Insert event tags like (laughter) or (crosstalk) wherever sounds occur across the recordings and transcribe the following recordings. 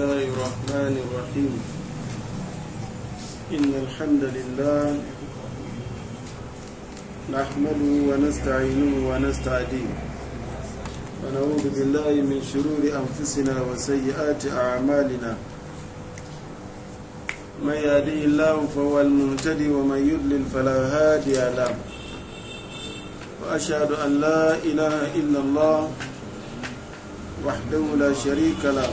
الله الرحمن الرحيم إن الحمد لله نحمده ونستعينه ونستعديه ونعوذ بالله من شرور أنفسنا وسيئات أعمالنا من يهديه الله فهو المهتدي ومن يضلل فلا هادي له وأشهد أن لا إله إلا الله وحده لا شريك له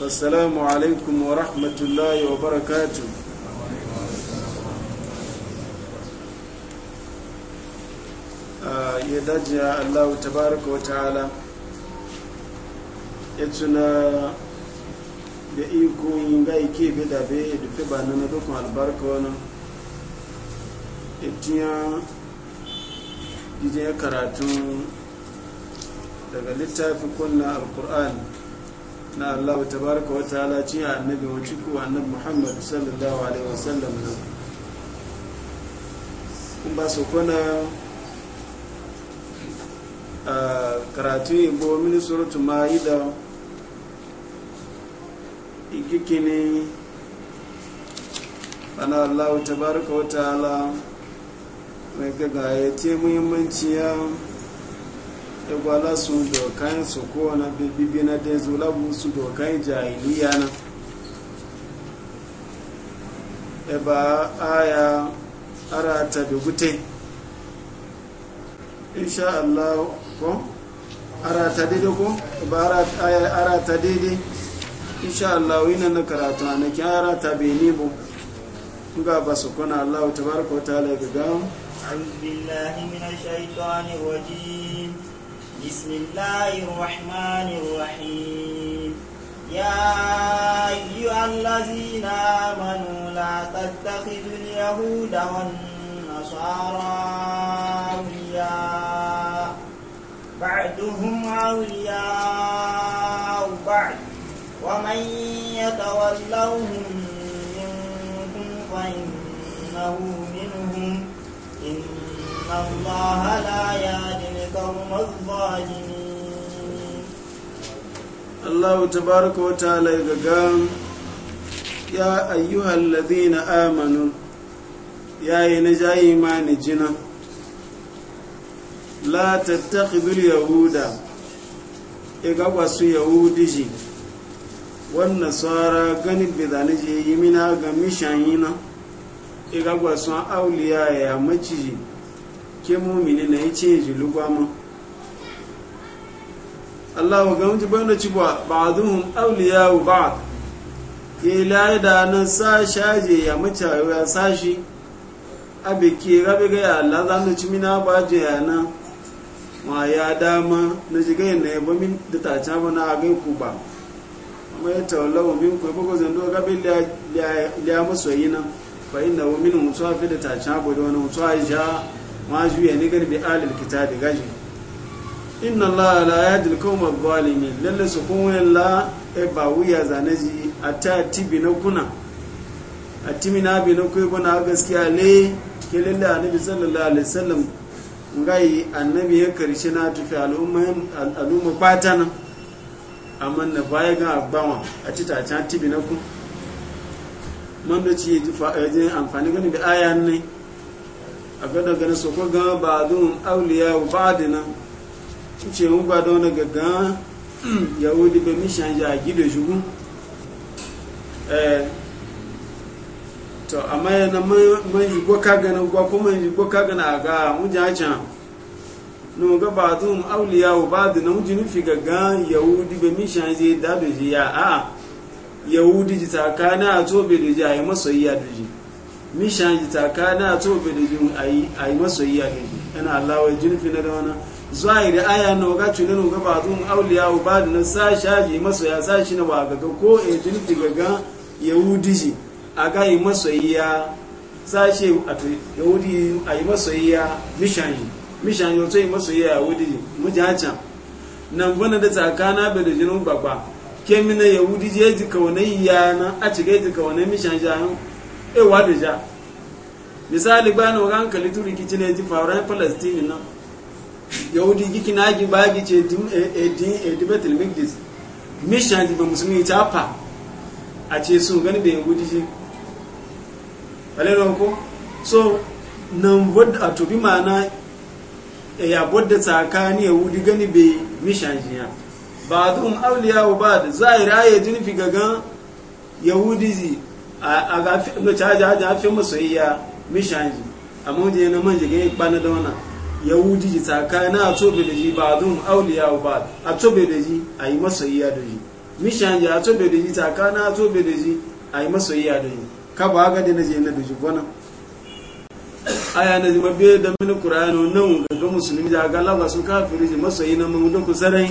السلام عليكم ورحمة wa barakatu. Ah, ya tuna da iko yin ga ike bi da bai dufe ba karatu daga littafi kunna alkur'ani na Allah tabaraka wa ta'ala ci annabi wa ciku annabi Muhammad sallallahu alaihi wa sallam nan kun ba su kuna karatu bo mini da ma'ida igikini ana Allah tabaraka wa ta'ala mai gagaye ce muhimmanci ya egwala su dokan su ko na bibibi na dai zulabu su dokan jahiliya na e ba aya ara ta dubute insha Allah ko ara ta dide ko e ba ara aya ara ta dide insha Allah wina na karatu na ki ara ta beni bu ga ba su kuna Allah tabaraka wa ta'ala ga ga أعوذ بالله من الشيطان الرجيم بسم الله الرحمن الرحيم يا أيها الذين آمنوا لا تتخذوا اليهود والنصارى أولياء بعدهم أولياء بعد ومن يتولوهم منكم فإنه منهم إن الله لا يهدي قوم الظالمين الله تبارك وتعالى يقول يا أيها الذين آمنوا يا نجاي ما نجنا لا تتخذوا اليهود إقوصوا يهودي والنصارى غنب بذانجي يمنا غمشانينا إقوصوا أولياء يا مجيجي ke mumini na yi ce ji mu Allah wa gamji da ci ba ba'dhum awliya wa ba ke layi da nan sa shaje ya mace ya sa shi abe ke rabi ga ya Allah za mu ci mina ba je ya nan ma ya dama na ji ga na yabo min da ta ca na ga ku ba amma ya taula wa min ku ba ko zan do liya masoyi da ya da wa min mutuwa fi da ta ca ba da wani mutuwa ya ja ma juya ni gani bi alil kitabi gaji inna allah la qawma zalimin su kun la e ba wuya zanaji ata tibi na kuna bi na kai bana gaskiya le ke lalle annabi sallallahu alaihi wasallam ngai annabi ya karshe na tufi amma na baya ga abawa a ci ta tibi na man ya amfani gani da ayan ne a gada gani su kwa gama ba dun auliya wa ba da nan ce mu ba da wani gaggan hmm, yahudi ba mishan ya gida shugun eh, to amma yana man yi gwaka gana gwa kuma yi gwaka gana a ga mujajen nun ga ba dun auliya wa ba da nan mu ji nufi gaggan yahudi ba mishan ya da da ya a yahudi ji tsakanin a tobe da ji a yi masoyi ya da ji mishan ta ka na to be da jin ayi ayi masoyiya ne ana Allah wai jin fi na da wannan zahiri aya na ga tuna no ga ba zun auliya wa ba da sa shaji masoya sa shi na ba ga ko e jin fi ga yahudi ji aga yi masoyiya sa shi a yahudi ayi masoyiya mishan yi mishan yo to yi masoyiya yahudi ji mujacha nan bana da tsakana be da jinin baba kemina yahudi je ji kaunai yana a cike ji kaunai mishan jahan ewa eh, da ja misali ba na wakan kalitu ki ne ji faruwar palestini nan yahudi ki na ji ba gi ce eh, eh, di betel migdis mission ji ba musulmi ta fa a ce su gani be yahudi ji no ko so nan wadda a tobi mana ya wadda tsakani yahudi gani be mishan ji ya ba a auliya wa ba da zahira ya jini fi gagan yahudi ji a ga no caja ja fi masoyiya mishanji amma je na manje ga bana da wannan yahudi ji na a tobe da ji ba dun auliya ba a tobe da ji a yi masoyiya da ji mishanji a tobe da ji na a tobe da ji a yi masoyiya da ji ka ba ga da na je na da ji gwanan aya na zima biyu da mini kuranu nan ga musulmi da ga laba su kafiri ji masoyi na mun da kusarai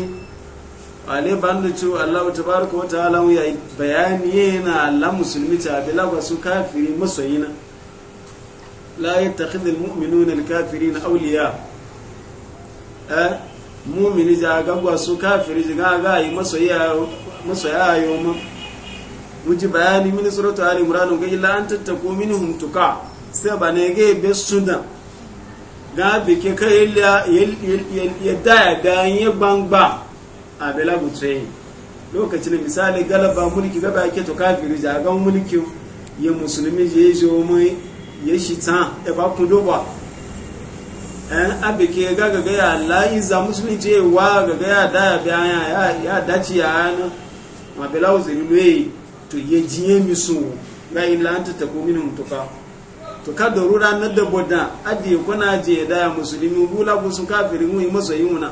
ale bandu ci Allah ko wa ta'ala ya bayani yana Allah musulmi ta bila ba su kafiri masoyina la yattakhidhu almu'minuna alkafirina awliya eh mu'mini ja ga gwa su kafiri ga ga yi masoyiya masoya yo mu muji bayani min suratu ali imran ga illa an tattaku minhum tuka sai ba ne ga be suna ga bi ke kai yadda ya da yin gbangba a bela lokacin misali galaba mulki gaba yake to kafiri ja ga mulki ya musulmi je je mu ya shi ta e ba ku doba an eh, abike ga ga ya layi za musulmi je wa ga ga ya da ya ya ya dace ya ana ma bela uzuri loyi to ye jiye mi su ga illa ta ko minin mutuka to ka da rura na da boda adiye kuna je da ya musulmi bula bu su kafiri mu yi masoyi na.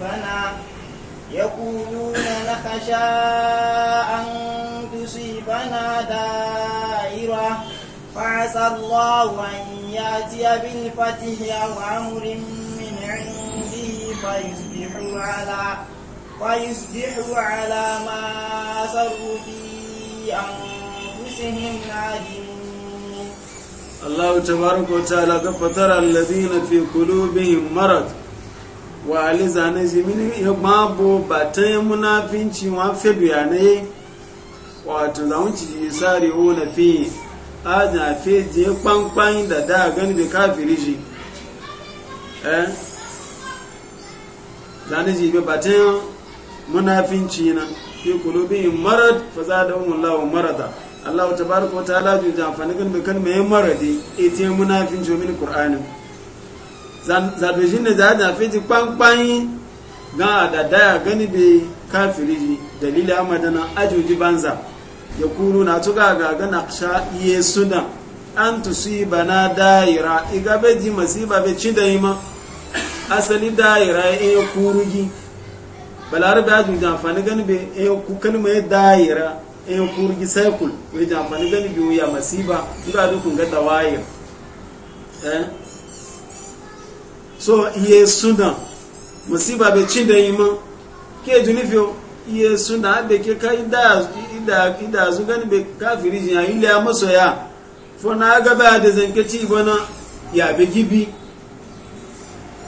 تصيبنا يقولون نخشى أن تصيبنا دائرة فعسى الله أن يأتي بالفتح أو أمر من عنده فيصبحوا على فيصبحوا على ما أسروا في أنفسهم نادمين الله تبارك وتعالى قد فترى الذين في قلوبهم مرض wa alizana ji mini ya bo ba ya muna finci wa fedu ya na yi wato da wunci ji sari wo na fi a na fi je kwankwan da da gani bai kafiri ji eh zane ji bai ba ya muna finci na fi kulubin marad fa za da umun lawo marada Allah ta baraka wa ta'ala jamfani kan bai kan mai maradi ita munafinci wa mini Qur'anin zàbẹ̀sí ní dáadáa fi ti pánpáyín gan àdàdá àgán níbi káfìrí dalilu amadana ajoji banza ya kuru na tuka ga gana sha iye suna an tusiba na daira igabe ji masiba be ci da ma asali daira ya kuru gi balarabe ajoji amfani gani be ya kalma ya daira ya kuru gi cycle wajen amfani gani be ya masiba tuka dukun ga dawayar eh so iye suna musiba bai cin da yi ma ke fiyo iye suna abe ke ka ida su gani bai kafiri jiya ile ya masoya fona aga bai da zanke ci bana ya bi gibi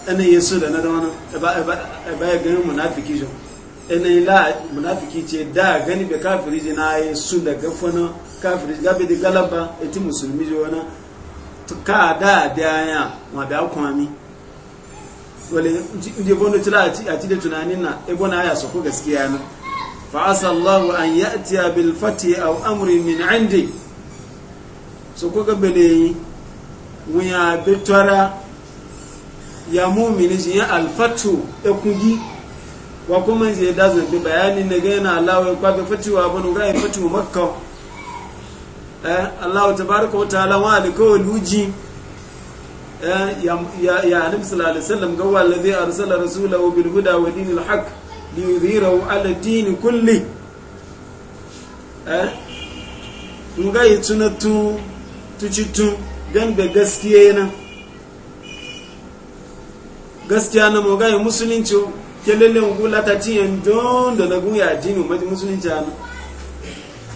ana iye suna na dama na ba ya gani munafiki jo ana ila munafiki ce da gani bai kafiri jiya na iye suna gafana kafiri gabe da galaba eti musulmi jo wani ka da da ya ma bai akwami wale je bondo tila a ci da tunanin na ebo na ya soko gaskiya na fa asallahu an ya'tiya bil fati aw amri min indi so ko ga bele wuya bitwara ya mu'mini shi ya al fatu e kugi e wa kuma je da zan bi bayani na ga yana Allah ya kwabe fatiwa bano ga ya fatu makka eh Allah tabaaraka wa ta'ala wa alikawluji Eh, ya annabi sallallahu alaihi wasallam ga wallazi arsala rasulahu bil huda wa dinil haqq li yudhhirahu ala din kulli eh yi yituna tu tucitu dan ga gaskiya yana gaskiya na mo ga musulunci kelele ngula ta tiyan don da lagun ya dinu mai musulunci ana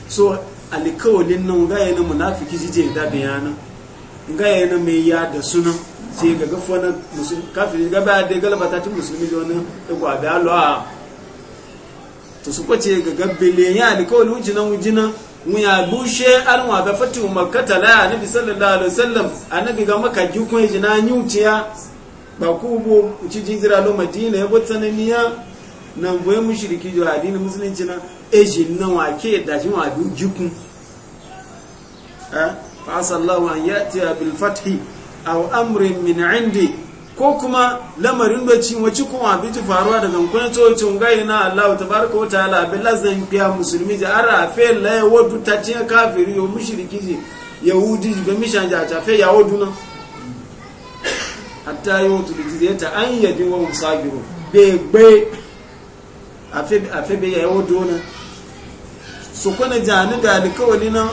so alikawalin nan ga na munafiki jijiyar da bayana gaya yana mai ya da suna sai ga gafuwa na musulmi kafin ga baya da galaba ta tun musulmi da wani da gwabe alwa ta su kwace ga gabbele ya da kawai wujina wujina mu ya bushe an wa ga fatu makkata la annabi sallallahu alaihi wasallam annabi ga maka jikon ya jina nyuciya ba ku bu uci jingira lo madina ya na niya nan boye mushriki jo adini musulunci na ejin nan wa ke da jin wa du jikun eh fa'asa Allah an yatiya bil fathi aw amrin min indi ko kuma lamarin da ci wace kuma bi faruwa daga kun tocin gai na Allah tabaraka wa ta'ala bil lazan biya musulmi ji ara fe la ya wadu ta ci kafiri yo mushriki ji yahudi ji ga mishan ja ta fe ya wadu na hatta yau tu jizyata an yadi wa musabiru be gbe afe afe be ya wadu na so kona jani da alkawali na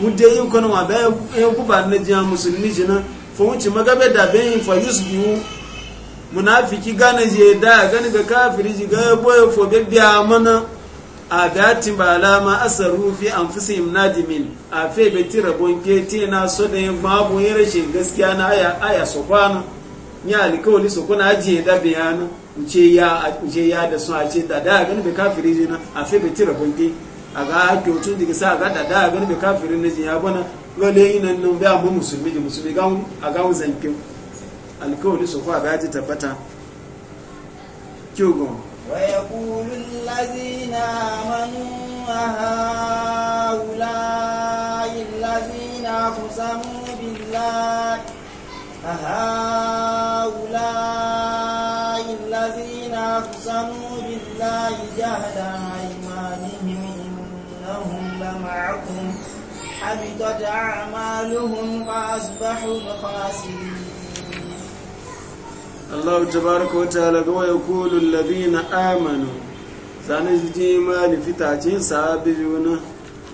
mude yin kwanu wa bayan yin kufa na jiya musulmi jina fa wuce magabe da bayan fa biyu munafiki gane je da gani ga kafiri ji ga boye fo be biya mana a datin ba alama asaru fi anfusihim nadimin a fe ti rabon bonke te na so da yin babu yin rashin gaskiya na aya aya so kwana ni alikawali so kuna ajiye da bayana ce ya ya da sun a ce da da gani be kafiri zina a fe ti rabon bonke a ga kyotun daga sa ga da da garbe kafirin na jiya bana lole yi nan nan bai amma musulmi da musulmi a gawun zankin alkawali su kuwa ga ji tabbata kyogon ويقول الذين آمنوا أهؤلاء الذين أقسموا بالله أهؤلاء الذين أقسموا بالله جهد أيمانهم هم لمعكم حبطت أعمالهم فأصبحوا خاسرين الله تبارك وتعالى ويقول الذين آمنوا zane imani fitacin sahabi juna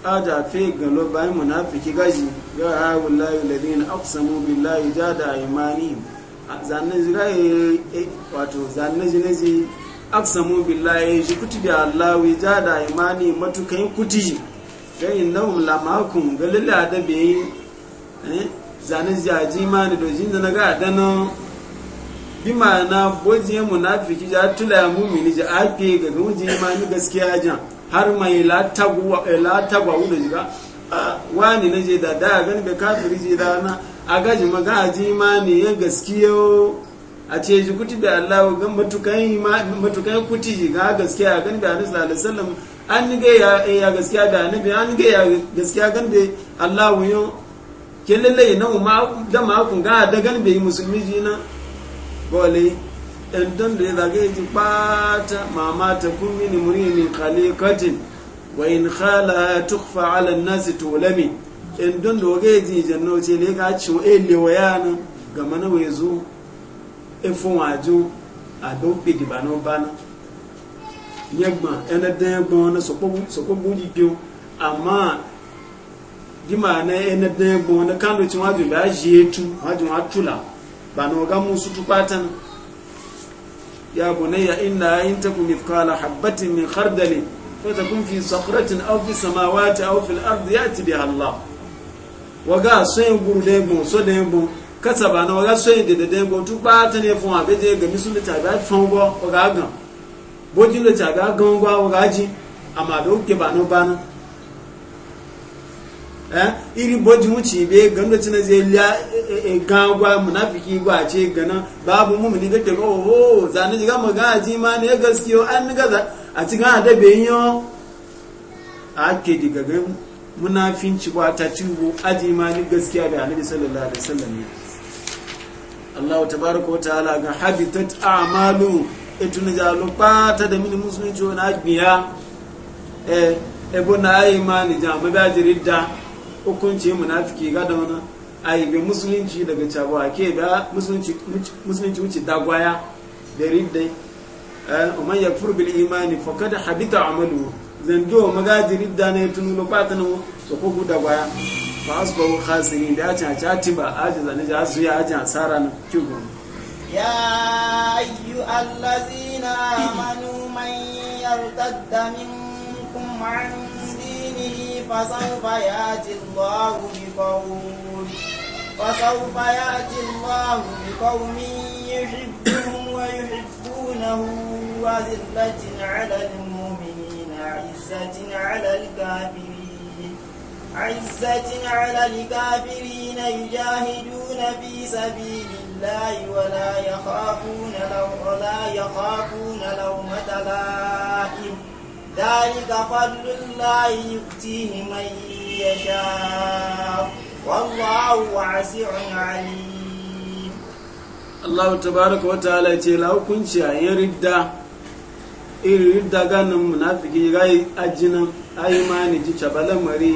a fi galo bayan munafiki gaji ga hawun layu ladin aqsamu billahi imani e, e, wato aksamu billahi kuti bi Allah wi jada imani matukai kuti ga innahum lamakum ga lalla da be eh zanin jaji imani do jin na ga dano bima na boje munafiki ja tula mu'mini ja ake ga guje imani gaskiya ja har mai la tagwa eh, la tagwa wuri ga wani na je da da gani be kafiri ji da na maga ji imani ya gaskiya a ce ji kuti da Allah ga matukan matukan kuti ga gaskiya gan da Annabi sallallahu alaihi wasallam an ga ya ya gaskiya da Annabi an ga ya gaskiya gan da Allah yo ke lalle na ma da ma kun ga da gan bai musulmi ji na bole dan don da ya ga ji pata mama ta kun mini murimi khaliqatin wa in khala tukhfa ala an nasi tulami dan don da ga ji janno ce le ga ci wa ele eh, wayana ga mana wai zo efun aju ado pediba no bana yegba ene den gbon na sopo sopo buji pio ama di ma na ene den gbon na kanu ti waju ba ji etu waju wa tula bana ga musu tupatan ya bunayya inna in takum mithqala habatin min khardalin فتكون في kataba na waga so yin dede bo tu pa ta ne fun abe je ga misu ta ba fun go waga gan bo ji le ta ga gan gwa waga ji ama do ke ba no ba na eh iri bo ji wuci be gan do tina je la gan gwa munafiki gwa ce gana babu mumini de ke go ho zani ji ga mu ga ji ma ne gaskiyo an ga za a ci ga da be yin a ke diga ga munafinci ba ta ciwo aji ma ni gaskiya da annabi sallallahu alaihi wasallam ne Allah wa tabaraka wa ta'ala ga habitat a'malu itun jalu pata da mini musulunci na agbiya eh ebo na ai mani ja ba ba jirida hukunci munafiki ga da wannan ai be musulunci daga cabo ake da musulunci musulunci wuce dagwaya da riddai eh umman yakfur bil imani faqad habita amalu zan do magajiri da ne tunu lo pata no so ko dagwaya fa asbahu khasirin da ta ta tiba ajiza ne ja su ya ajin asara na kyugo ya ayu allazina amanu man yartadda minkum an dinihi fa sawfa yati Allahu bi qawmin فسوف يأتي الله بقوم يحبهم ويحبونه وذلة على المؤمنين عزة على الكافرين عزة على الكافرين يجاهدون في سبيل الله ولا يخافون لو ولا يخافون لومة لائم ذلك فضل الله يؤتيه من يشاء والله واسع عليم الله تبارك وتعالى لو كنت يرد irin ridda ganin munafiki gai ajina ai ma ni ji cabalan mari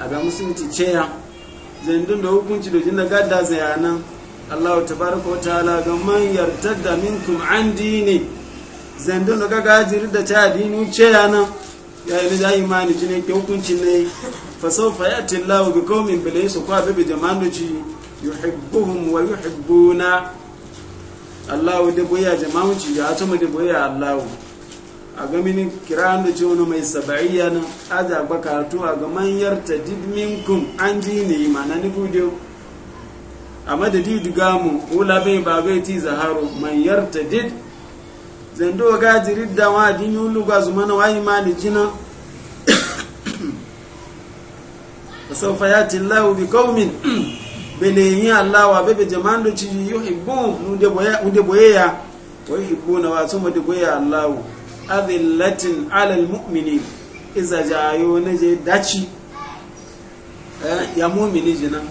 abin musulunci ceya zandun da hukunci da jinda gadda zayanan Allah ta baraka wa ta'ala ga man yartadda minkum an dini zandun da gaga jiri da ta dini ceya nan ya yi da imani jini ke hukunci ne fa sau fa yati Allah bi qaumin bil su kwa bi jama'an da ci yuhibbuhum wa yuhibbuna Allahu da boya jama'u ya ta mu da boya Allah a ga mini kiran da cewa mai sabaiya nan aza ba karatu a ga manyar ta minkum an ji ne mana ni gudu a madadi diga mu wula bai ba bai ti zaharu manyar ta did zando ga jirid da wa din yulu ga zuma na wayi ma ni jina sawfa yati allah bi qaumin bene yi allah wa bebe jama'an ci yi, yi de n'ude boye ya? Wai wa na wasu suma de boya adillatin alal mu'mini iza jayo na je daci eh, ya mu'mini nan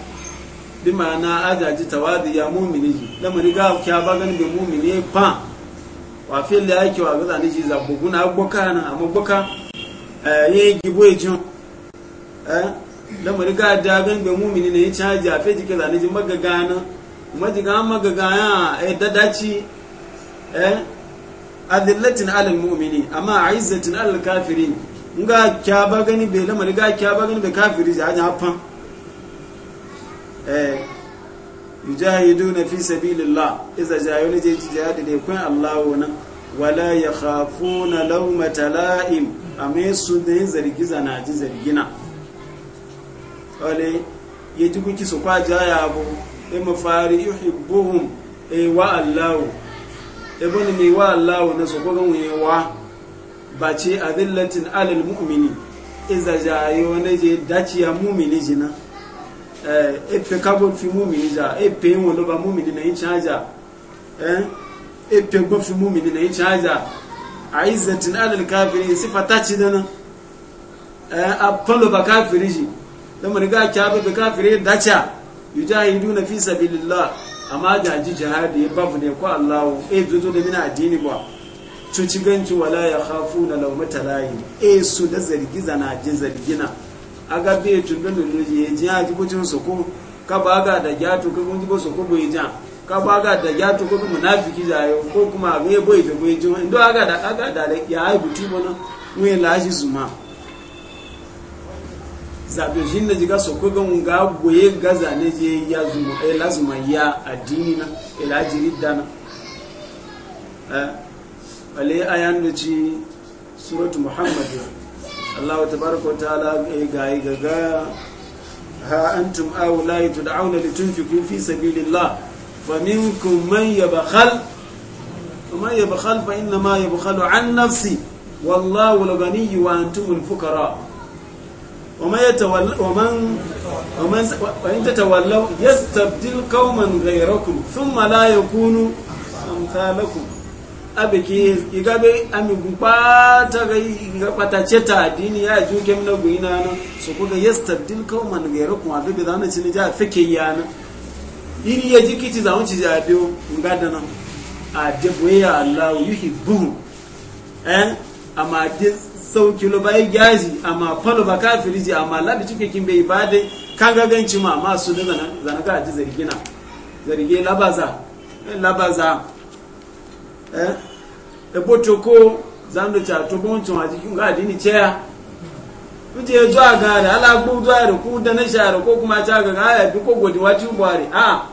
bi ma'ana ajaji tawadi ya mu'mini ji mu riga ka ba gani bi mu'mini ba wa fi la yake wa gaza ni ji za buguna gboka na amma gboka eh, ye gibo ejun eh mu riga da gani bi mu'mini ne ya caji a fe jike za ni ji magaga na magaga magaga ya dadaci eh azillatin alal mu'mini amma aizzatin alal kafirin nga kya ba gani be lama ga kya ba gani be kafiri ja nya fa eh yujahiduna fi sabilillah iza jayuna je jihad ne kun Allah wana wala yakhafuna lawmata la'im amma su ne zargi zana ji zargina wale yaji kuki su kwa jaya bu e mafari yuhibbuhum e wa Allah ibn mi wa Allah na so ko gan wa ba ci adillatin alal mu'mini iza jayi wani je daciya mu'mini jina eh epe kabon fi mu'mini ja epe won lo ba mu'mini na caja eh epe gbon fi mu'mini na chaja aizzatin alal kafiri ta ci dana eh Apolo ba kafiri ji dan mun ga kyabe ba kafiri dacha yujahiduna fi sabilillah amma ji jihadi babu ne ko Allahu eh zuzo da mina addini ba su ci ganci wala ya khafu na lau layi eh su da zargi na je zargina aga be tun da lulu ya ji haji kucin su ko ka ba ga da gyato ko kun ji bo su ko boye ja ka ba ga da jatu ko munafiki jayo ko kuma ya bai da boye jo ndo aga da aga da ya ai buti na mu la shi zuma zaɓe shi na jiga so ko gan ga goye gaza ne je ya zuma eh lazuma ya addini na ila eh, jirida na eh ale ayan ne ci suratu muhammad Allah tabaraka ta'ala eh, ga gaga eh, ha antum awla tud'auna litunfiqu fi sabilillah faminkum man yabkhal ومن an nafsi wallahu al نفسه wa antum al-fuqara' ومن يتولى ومن ومن وان يستبدل قوما غيركم ثم لا يكونوا abiki igabe ga ta addini ya ju kem guina na kuga ja fike yana iri ya jikiti zamu ci ja biyo ngada nan a sauki kilo bai yi amma falo ba ka ji amma labi cike kin bai dai kan gaganci ma amma su da zana ga ji zargina zarge labaza e, labaza eh e botoko zando cha to bon chwa aji kin ga dini cheya kuje zuwa ga da ala gbu zuwa da ku da na share ko kuma ta ga ya bi ko godi wati bware a ah,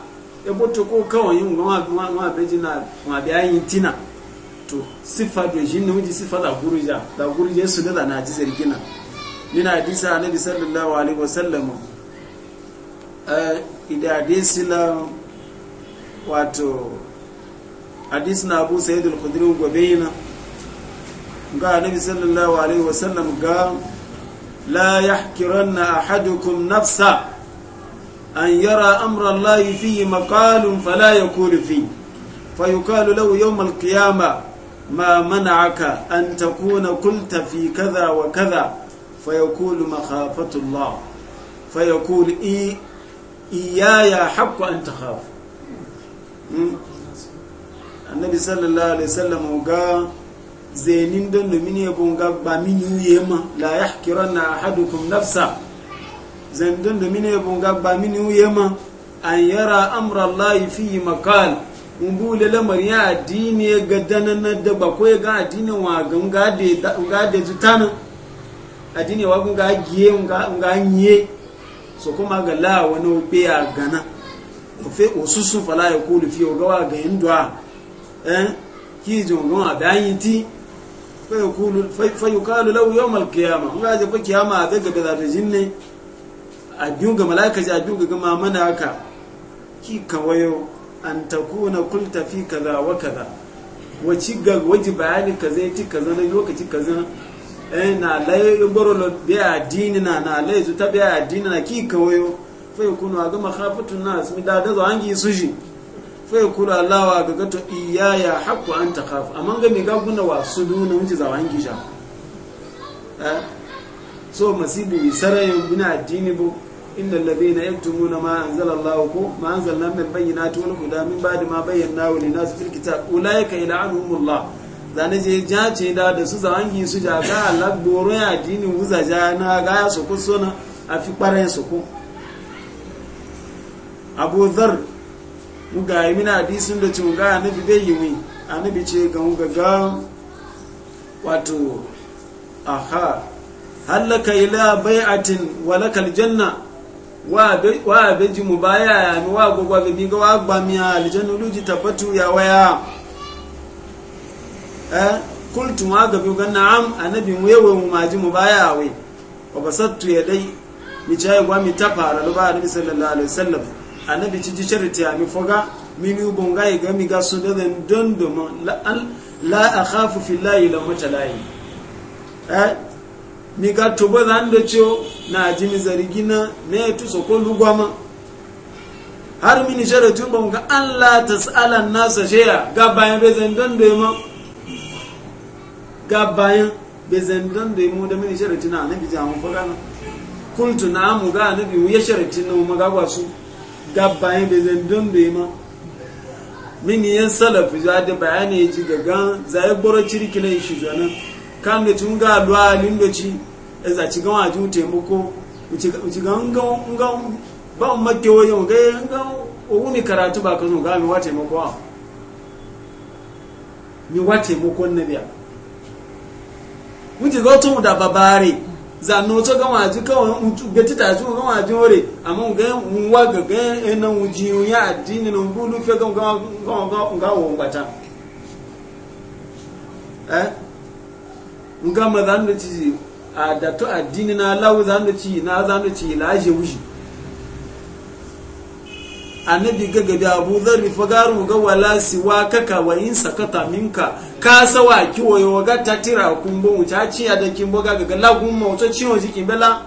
e botoko kawai yin ma ma ma bejina ma biyayin tina to sifa da shi ne wuji sifa da guruja da guruje su da na ji zargina nina hadisa annabi sallallahu alaihi wasallam eh, idan hadisi na wato hadisi na abu sayyid al-khudri gobeina ga annabi sallallahu alaihi wasallam ga la ya kiran na a ahadukum nafsa an yara amuran layi fiye makalun falaye kurufi fayukalu lau yau malkiyama ما منعك أن تكون قلت في كذا وكذا فيقول مخافة الله فيقول إي إياي حق أن تخاف النبي صلى الله عليه وسلم قال زينين دون من يبون قبا من يما لا يحكرن أحدكم نفسه زينين دون من يبون قبا من يما أن يرى أمر الله فيه مقال b'u le lamari ya addini ya ga danan da ba ko ya ga addini wa ga nga de nga de zutana addini wa ga giye nga nga nye so kuma ga la wani obe ya gana o fe osusun fala ya ko le fi o ga wa ga eh ki jo a adayin ti fa yaqulu fa yuqalu lahu yawm al-qiyamah nga je ko kiyama ga ga da jinne a biyu ga malaika ji a biyu ga mamana haka ki kawayo an takuna kulta fi kaza wa kaza waci ga waje bayani ka zai ci kaza na lokaci kaza eh na lai gboro lo be addini na na lai zu ta be addini na ki kawayo fai yakunu ga makhafatun nas mi da da zo an gi suji fai yakulu allah wa ga gato iyaya haqqu an ta takhaf amma ga mi ga guna wa suduna mun ci zawan gi sha eh so masibi sarayin guna addini bu إن الذين يكتمون ما أنزل الله ko ma anzalna min bayyinati wal huda min ba'di ma bayyanahu lin nas fil kitab الله zane je jace da da su zawangi su ja ga Allah goro ya dini wuza ja na ga ya su ku na a fi kware su ku Abu mu ga yi mina hadisin da cin ga annabi bai yi mi annabi ce ga mu ga wato aha halaka ila bai'atin walakal janna wa beji mu baya ya mi wa gogwa bebi ga wa tabbatu ya waya eh kultu ma ga bi na'am annabi mu yewe mu maji mu baya we wa ya dai mi jaye gwa mi tafara lu ba annabi sallallahu alaihi wasallam annabi ci charity foga ga mi ga da don la akhafu fillahi la mutalai eh ni ka tobo zan da ciyo na jimi na ne tu soko lugwama har mini shara tun ba muka an la tas'ala nasa shaya ga bayan zan don da ma ga bayan zan don da mu da mini shara na bi ja mu faga kuntu na mu ga annabi bi ya shara tuna mu ga gwasu ga bayan zan don da ma mini yan salaf za da bayani ji gan zai boro cirkilai shi zanan kan da tun ga lwa lindoci za ci gawa ju taimako ci ga nga ba mu makke wajen ga nga owu ni karatu ba kan ga mi wa taimako a ni wa taimako na biya mun ji goto da babare za no to ga waji kawai mun ga tita ju ga waji ore amma ga mun wa ga ga enan wuji ya addini non bulu fe ga ga ga ga wa ngata eh nga ma zanu ci a da to addini na lawu zanu ci na zanu ci je wuji annabi ga gabi abu zarri garu ga wala siwa kaka wa in sakata minka ka sawa kiwoyo ga tatira kumbo ci ya da kimbo ga ga lagun mawuta ciwo jikin bela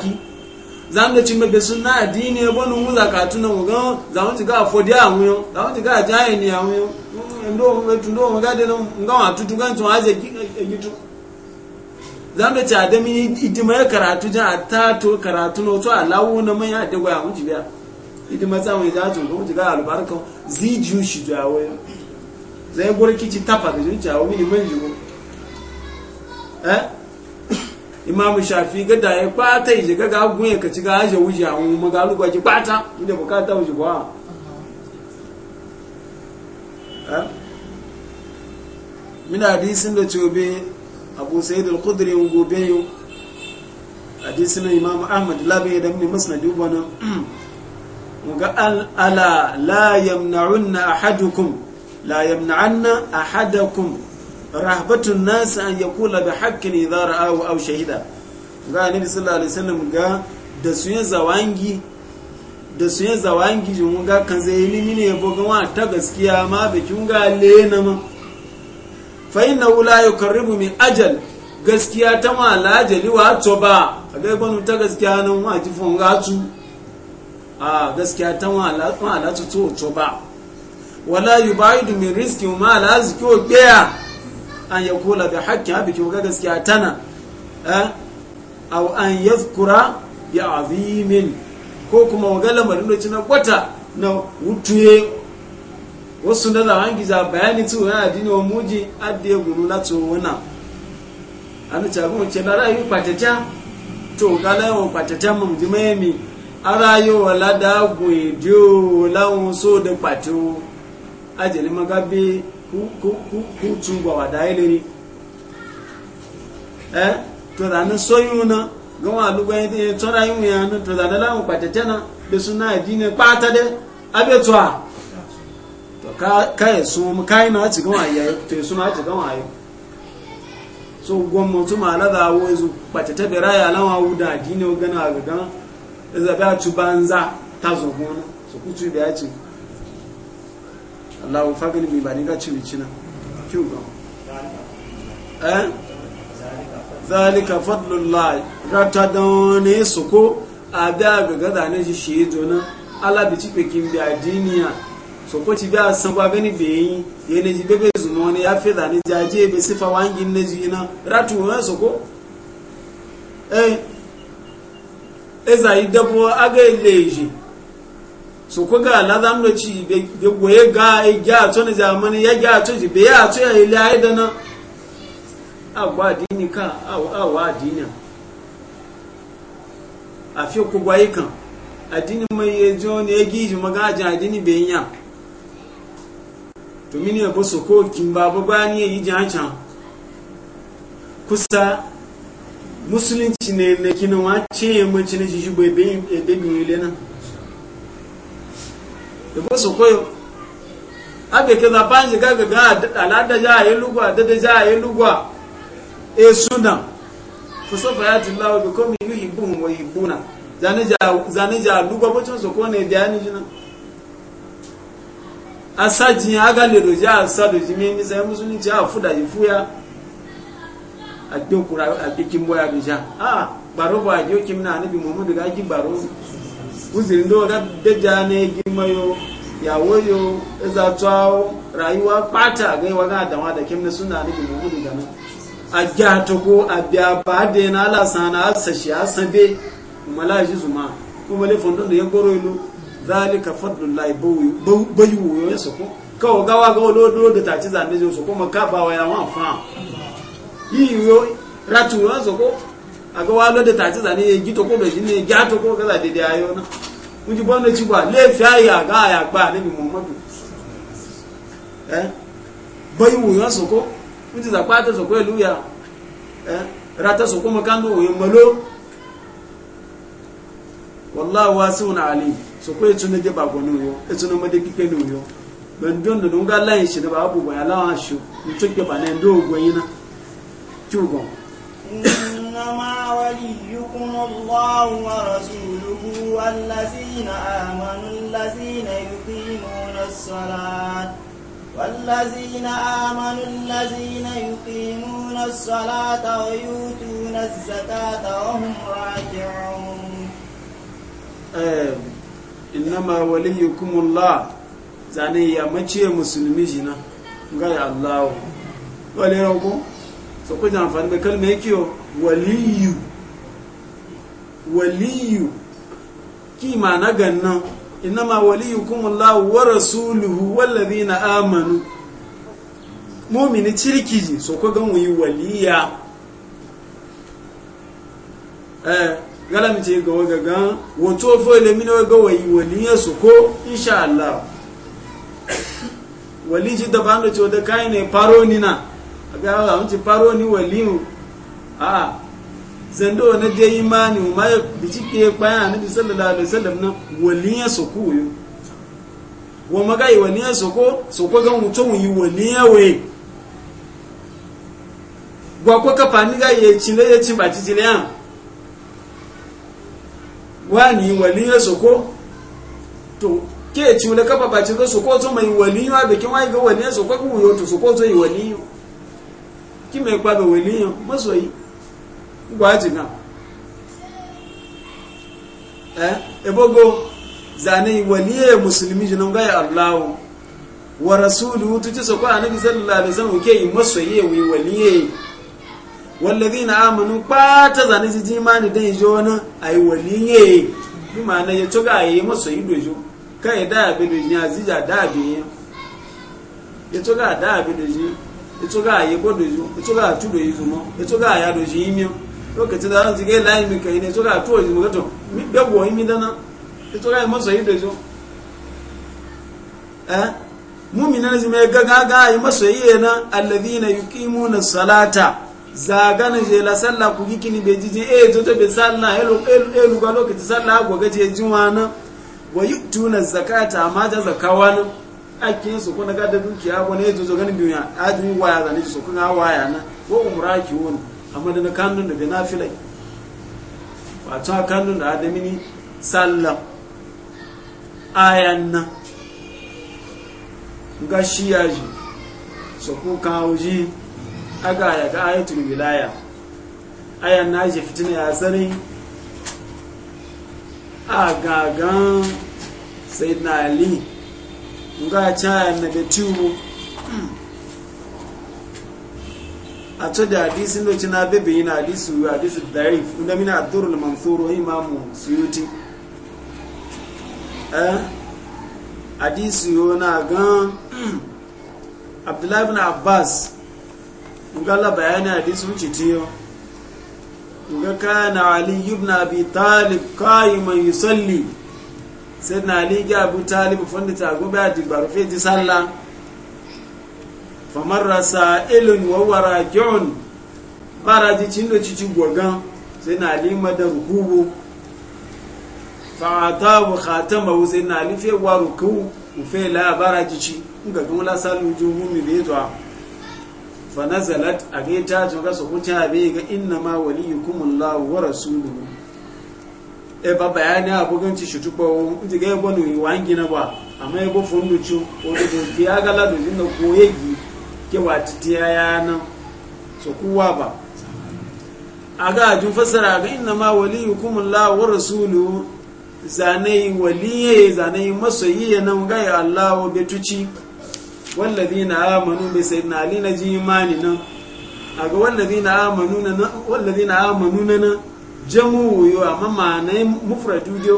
ki zamu da cimma be sunna addini ya bonu mu zakatu na mu ga mu ci ga a afodi Za mu ci ga jaye ni a yo ndometu ndomegade ngawantutu kanci waje gitu e, e, zando ci adami idima ya karatu jan a karatu na wato alawo na manya a dagwaya wuce biya za samun ya jato ko wuce ga albarka ziju shi da zai gwar kici tafa da a wani liman jigo eh imamu shafi ga ya kwata ya ga gunye ka ga aje wuce a wani magalu gwaki kwata inda bukata wuce gwa min hadisin (clears throat) da cobe abu sa'id al-khudri gobe yau hadisin imam ahmad labe da mun musnad ubana muga al ala la yamna'unna ahadukum la yamna'anna ahadakum rahbatun nas an yakula bi haqqin idha ra'ahu aw shahida ga annabi sallallahu alaihi wasallam ga da suyen zawangi da suyen zawangi mun ga kan zai limine ya boga wa ta gaskiya ma bikin ga le na ma fa wula la yukarribu min ajal gaskiya ta ma lajali wa to ba a ga gwanu ta gaskiya nan wa ji fon gatu a gaskiya ta ma la to to ba wala yi dumin riski ma la ziki o biya an yakula bi haqqi abu ki gaskiya tana na a an kura ya azimin ko kuma wagala gala da na kwata na wutuye wasu da zawangiza bayani tu yana dini wa muji na tu wana an ta gun ce da rayu patata to kala wa patata mu di memi da gun idio e lawun so de pato ku ku ku wada ile e eh to da na e na gawa to da na da suna ka ya so mu kai na ci gawa ya to su na ci gawa ya so gwamma tu ma la da wo zu bata ta bera ya lawa wuda dine o gana ga gan za ba tu banza ta zo gona so ku ci da ya ci Allah fa gani mi ba ni ga ci mi cina kiu ga eh zalika fadlullah rata doni suku a da ga ga da ne shi zo jona ala bi ci pekin bi adiniya sokoci biya san ba beni be yi yene ji bebe zumo ne ya feda ne jaje be sifa wangi ne ji na ratu wa soko eh eza idabo aga eleji soko ga la dan no ci be be goye ga e ga to ne zamani ya ga to ji be ya to ya ile ai dana agwa dini ka a wa dini afi ko gwaye kan adini mai yejo ne ya e giji magaji adini be yan to mini yabo su ko kin babu bani yi jacan kusa musulunci ne e na kina wace yammanci na shi bai bai bin wile nan yabo su koyo abe ka zafa shi gaga ga alada ja a yi lugwa dada ja a lugwa e suna kusa bayatin lawa bi komi yi hibbun wa hibbuna zane ja lugwa bacin su ko ne da yanin jinan asajin aga lero asa asado jimi misa ya musulun ci da fuda ji fuya a dokura a bikin boya ya ja ah baro ba a jokim na anabi muhammadu ga ki baro uzirin ndo ga daja ne gimayo yawo yo za tsawo rayuwa pata ga wa ga dama da kim na sunna anabi bi ga nan a ja to ko a biya ba de na ala sana asa shi asabe mala ji zuma kuma le fondon da ya goro ilu zalika fadlullahi bayu ya soko kawo gawa ga olóòdó da tàti zane jẹ soko ma ká bá wa ya wọn fa yìí yo ratu wọn soko agawa lọ da tàti zane yẹ jí toko bẹ̀jì ní ẹjá toko gaza dede ayọ na wọn ti bọ́n létí wa léèfẹ́ ayé àgá àyàgbà níbi muhammadu ẹ bayu ya soko wọn ti zàpá tẹ soko ìlú ya ẹ eh? rata soko ma ká ń malo wòye mọló wallahu wasi'un alim so ko etu ne ba gonu yo etu no kike yo ben don no nga shi ne ba abu ba ala ashu ntu ke ba ne ndo ogwo yina tugo inna ma waliyukum allah wa rasuluhu wallazina amanu allazina yuqimuna as-salat والذين آمنوا الذين يقيمون الصلاة ويؤتون الزكاة وهم راجعون innama waliyukumullah zane ya mace musulmi jina ga ya Allah wale rako so ku jan fa kal me kiyo waliyu waliyu ki ma na gannan innama waliyukumullah wa rasuluhu walladhina amanu mu'mini cirkiji so ku gan mu waliya eh gala mi ce ga waga gan wato fole mini waga wayi waliyan su ko insha Allah wali ji da bando ce da kai ne paro ni na aga Allah mun ci paro ni waliyu a zando na da imani ma bi ci ke kwaya annabi sallallahu alaihi wasallam na waliyan su ku yo wa yi waliyan su ko su ko gan mutum yi waliyan we gwa ko ka fani ga ye cile ye cin ba ci yan wani wali ya soko to ke ci wani kafa bacin ga soko to mai wali ya bikin wani ga wali ya soko kuma yoto soko to yi wali ki mai kwaga wali ya masoyi gwaji na eh ebogo zane wali ya musulmi jinan ya allahu wa rasuluhu tuti soko annabi sallallahu alaihi wasallam ke yi masoyi wali ya wallazi na amanu ba zane zane ji ni dan ijo wani a yi waliye bi ma na ya tuga ga yi masu yi dojo kan ya daya bi doji ya zija daya bi yi ya tuga a daya bi doji ya tuga ga yi bo dojo ya tuga a tu doji zuma ya tuga a ya doji yi miyo lokaci da ran zige layi mi kai ne ya tuga a tu doji mu gato mi gbagbo yi mi dana ya tuga a yi masu yi dojo eh muminan zime gaga ga yi masu yi na allazina yuqimuna salata zagana je la sallah ku gikini be jiji e eh, to to be sallah elu elu elu ga lokaci sallah go ga je juwana wa yutuna zakata amma ta zakawan akin su kuna ga da dukiya go ne to to ganin duniya ajin waya da ne su kuna waya na ko umra ki won amma da kanun da na filai wato kanun da ni sallah ayan nan yaji su ku kawo ji aga ya ga ayatul wilaya ayan na je fitina ya sani a gagan sayyidina ali ga cha na da tubu a to da hadisin da cina bebe yana hadisu hadisu darif inda mina durul mansuru imamu suyuti eh hadisu na gan (clears throat) abdullahi ibn abbas la bayani hadisi wuce tiyo ga kana ali ibn abi talib qa'iman yusalli na ali ga abu talib fanda ta gobe a jibbar fe ti salla famarra sa'ilun wa waraji'un baraji cindo cici gogan na ali mada rukubu fa'atahu khatamahu sayyidina ali fe waruku fe la baraji ci ga kuma la salu jumu mi zuwa. fa nazalat a ga ta ga su huce abe ga inna ma waliyukumullahu wa rasuluhu e ba bayani a bugun ci shutu ko ji ga yabo ni wangi na ba amma yabo fundu ci o da ki ya ga da din da koye gi ke wa tiya ya nan so kuwa ba a ga ajun fassara ga inna ma waliyukumullahu wa rasuluhu zanai waliye zanai masoyi nan ga Allah wa betuci wallazi na amanu bai sai na ali na ji imani nan a ga na amanu nan wallazi amanu na nan jamu yo amma ma'anai mufradu yo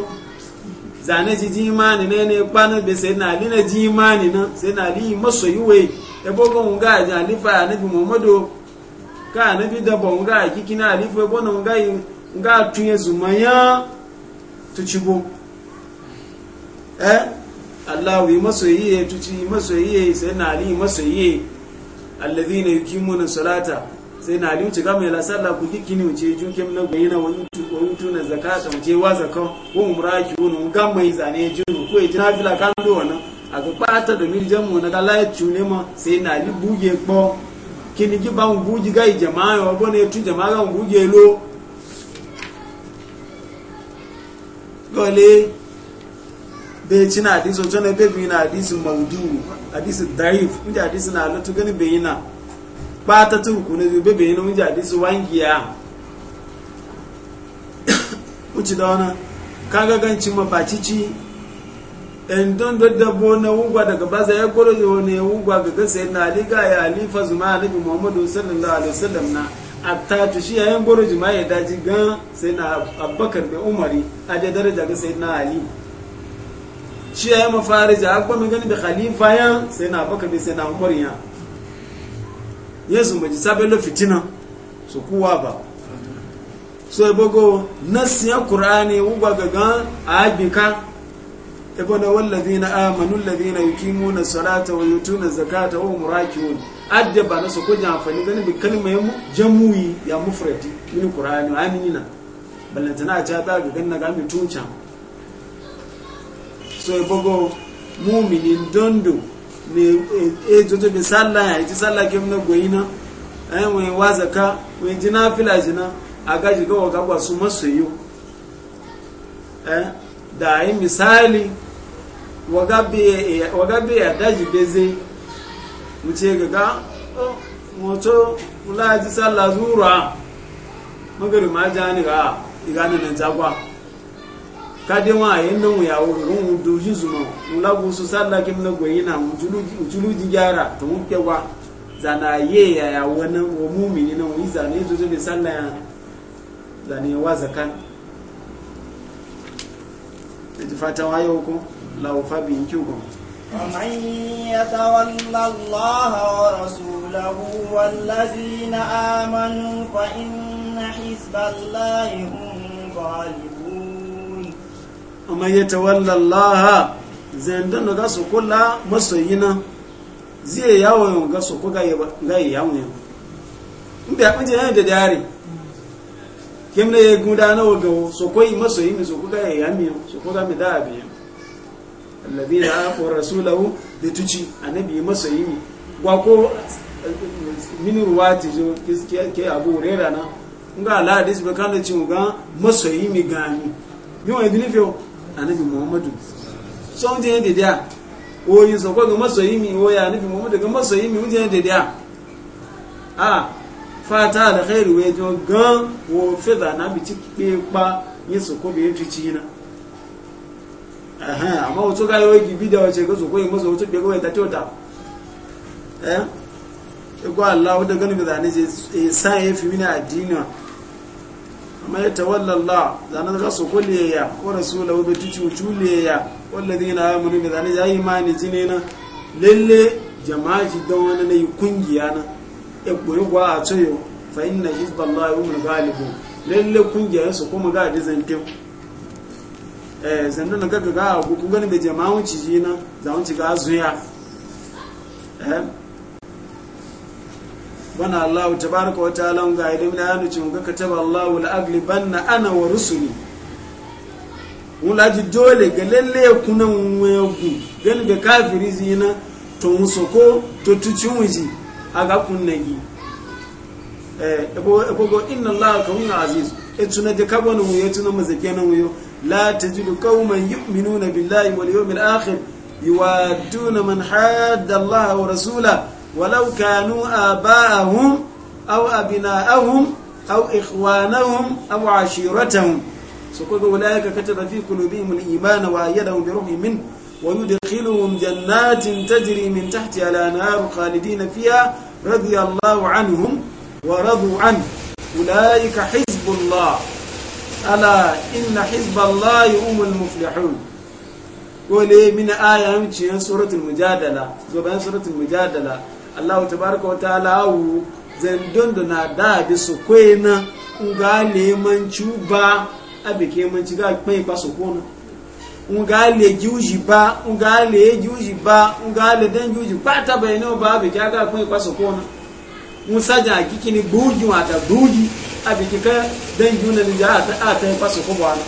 zane ji imani ne ne kwana bai sai na ali na imani nan sai na ali masoyi wai ga unga ajin muhammadu ka bi daba ga kiki alifa ga yi eh Allah yi masoyi ya tuci masoyi ya sai na ali masoyi alladhina yuqimuna salata sai na ali wuce gama la sallah ku dikini wuce jukem na gayi na wani tu na zakata wuce wa zakon ko umraki wono gama yi zane jinu ko yi jina fila kan do wannan a ga pata da mirjan mu na ga la tune ma sai na ali buge gbo kini ki ba buji ga jama'a wa ya tu jama'a ga buge lo gole bai ci na hadisi e wajen na bai na hadisi maudu hadisi daif ndị ji na alatu gani bai na ba ta tun kuna bai bai na mun ji hadisi wangiya (coughs) uci da wani kaga ganci mabacici in don daddabo na wugwa daga baza ya gwaro da wani ya ga gasa yana aliga ya alifa zuma alibi muhammadu sallallahu alaihi wasallam na atta to shi yayin gwaro jima ya daji ga sai na abubakar da umari a da daraja ga sai na ali shi ya yi mafarija akwai mai gani da khalifa ya sai na baka bai sai na umar ya yesu maji lo fitina su kuwa ba so ya bago nasiyan kur'ani ugwa gan a abika ibo na wallazi na amanu lazi na yukimu na sarata wa yutu na zakata wa murakiun adda ba na su kujin amfani gani bi ya jamuyi ya mufrati min kur'ani aminina ballantana a ta ga gagan na gami can. so ibogo muminin dondo ne ejojo salla sallah ya ji sallah ke mna goyina ai wazaka wani ji jina a gaji gawa gaba su masu da yi misali wagabe ya daji beze wuce gaga moto mula ji sallah zura magari ma jani ga ne nan jagwa kade wa yin nan ya wo gun mu zuma mu la su salla kim na goyi na mu ji gyara to mu wa zana ye ya ya wona wo mu mi na mu zana yi zo da salla ya zana ya wa zakan ji fata wa yau ko la fa bi ki ko ومن يتولى الله ورسوله والذين آمنوا فإن حزب الله هم غالبون amma ya tawalla Allah zan dan ga su kula masoyina zai yawo ga su kuga ga yawo ne inda ya kunje yana da dare kim ne ya gudana wa gawo so koi masoyina so kuga ya yami so kuga mi da biyu alladhina afu rasulahu lituci annabi masoyini gwa ko min ruwati jo ke abu rera na nga ala hadis be cin gan ci mu ga gani yi wa fiyo anabi muhammadu so wunde yende dia oyin so ko ga mi anabi muhammadu ga masoyi mi wunde yende a fata alkhairu we jo gan wo feda na bi ti pe pa yin soko bi be tuci na aha amma wato ga yoyi gibi ga so ko maso wato be ta tota eh ko Allah da ne mai tawalla Allah zanen ga su kule ya ko rasulahu bi tucucule ya walladina amanu da zan ya imani jine na lalle jama'a da wani ne yi kungiya na ya koyi gwa a tsayo fa inna hizballahi umul galibu lalle kungiya su kuma ga da zantin eh zanna na ga ga ku gani da jama'un ci jina zan ci ga zuya eh bana Allah ta baraka wa ta'ala ga idan na yanu cin ga kataba Allah la aglibanna ana wa rusuli wulaji dole ga lalle kuna wegu gan ga kafiri zina to musoko to tucin wiji aga kunna gi eh ebo ebo go inna Allah kawun aziz etuna de kabonu yo mazake na wuyo la tajidu qauman yu'minuna billahi wal yawmil akhir yuwadduna man hadda Allah wa rasulahu ولو كانوا آباءهم أو أبناءهم أو إخوانهم أو عشيرتهم سقط أولئك كتب في قلوبهم الإيمان وأيدهم بروح منه ويدخلهم جنات تجري من تحتها الأنهار خالدين فيها رضي الله عنهم ورضوا عنه أولئك حزب الله ألا إن حزب الله هم المفلحون ولي من آية من سورة المجادلة زبان سورة المجادلة allahu tabaraka wa ta'ala awu zan da na da bi su kwe na nga leman cuba abike man ci ga kwe ba su kona nga le juji ba nga le juji ba nga le dan juji ba ta bayano ba abike ga kwe ba su kona musa ja kikini buji wata buji abike ka dan juna ni ja ta ta ba su ko ba na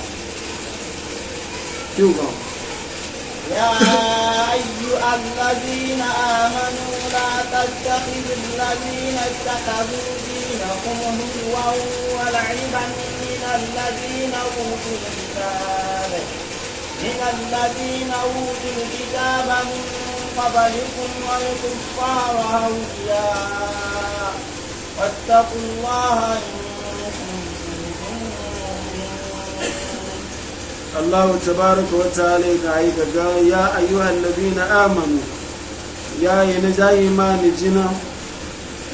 يا أيها الذين آمنوا لا تتخذوا الذين اتخذوا دينكم هزوا ولعبا من الذين أوتوا الكتاب من الذين أوتوا الكتاب من قبلكم والكفار أولياء واتقوا الله إن Allah tabaraka wa ta'ala ga yi gaga ya ayyuhan nabina amanu ya yi na jayi ma ni jina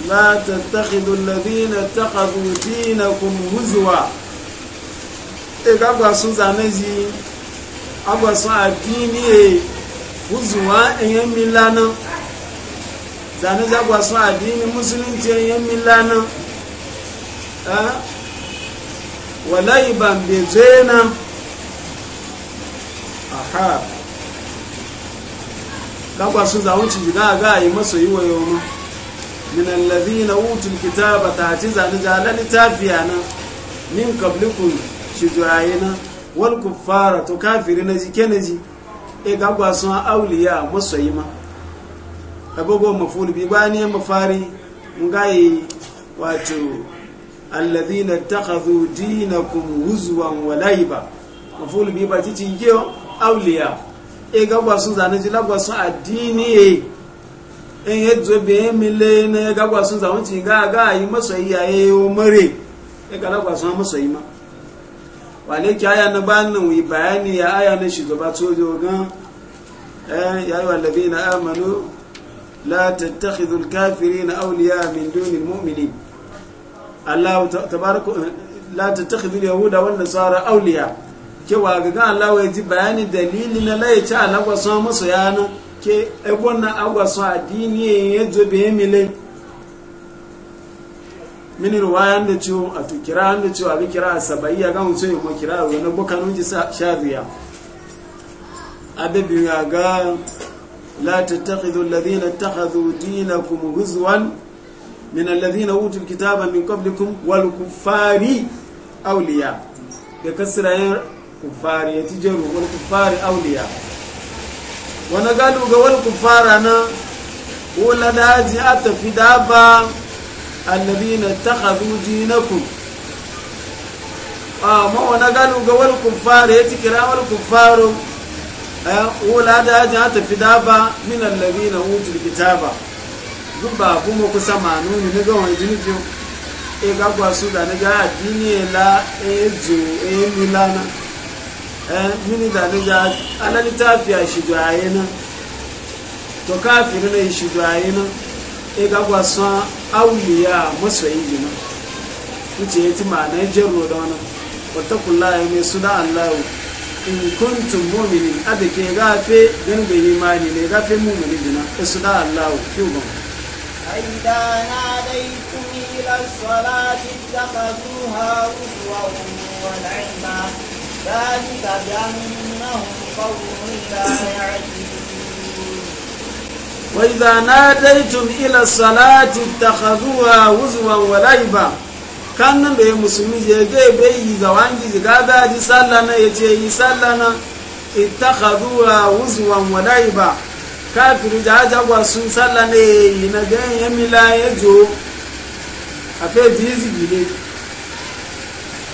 la tattakhidhu alladhina taqadu dinakum huzwa e ga ba sun zane ji agba sun addini e huzwa eyan milana zane za agba sun addini musulunci eyan milana eh walaiban bezena ahab kagwa sun zawunci ga ga yi masa yi wa yau ma na wutun kita ba ta ci zane jala litafiya na min kablikun qablikum wani wal kuffara to na na ji e kagwa sun auliya masu yi ma agogo mafulu bi bani mafari ngai wato alladhina takhadhu dinakum huzwan wa laiba bi ba ci yo auliya e ga sun zane jila ji sun addini e in yi zobe mile na ya ga gwasun zamanci ga ga yi maso ya yi o mare e ga sun maso yi ma wale ki aya na bani wi bayani ya aya na shi zoba to jo gan eh ya yi wallabi na amanu la tattakhidhu al-kafirina awliya min duni al-mu'minin Allah tabaraka la tattakhidhu al-yahuda wan nasara awliya cewa ga Allah wa ji bayani dalili na lai ci alagwa sun musu yana ke ebon na agwa sun addini ya zo be mile mini ya da ciwo a tukira ya da ciwo a bikira a sabayi a ga mutum ya kuma kira a wani bukan ji sha biya abubu ya ga la tattakhidhu alladhina ittakhadhu dinakum huzwan min alladhina utul kitaba min qablikum wal kuffari awliya da kasrayen kufari ya tijaru wani kufari auliya wani galu ga wani kufara na wula da haji a tafi daba annabi na ta takazu jinaku amma ah, wani galu ga wani kufari ya tikira wani kuffaru eh, wula da haji a tafi daba min annabi na wutul kitaba ba ba kuma kusa manu ne na gawan jinifin e gagwa su da na ga addini e la e jo e mini da nuja ana littafi a shi duwaye nan to kafiri na shi duwaye nan e ga gwasan auliya masoyi jina wuce ya ti ma'ana jero da wani watakun laye mai suna allahu in kuntum muminin adake gafe gangan imani ne gafe mumini jina e suna allahu kyuban فإذا ناديتم إلى الصلاة اتخذوها هزوا ولعبا ذلك بأنهم قوم لا يعجلون وإذا ناديتم إلى الصلاة اتخذوها هزوا ولعبا kan nan da ya musulmi je ga be yi ga wangi ji ga da ji sallana ya ce yi sallana ittakhadhuha huzwan wa laiba kafiru ja jagwa sun sallana yi na ga ya ya a ne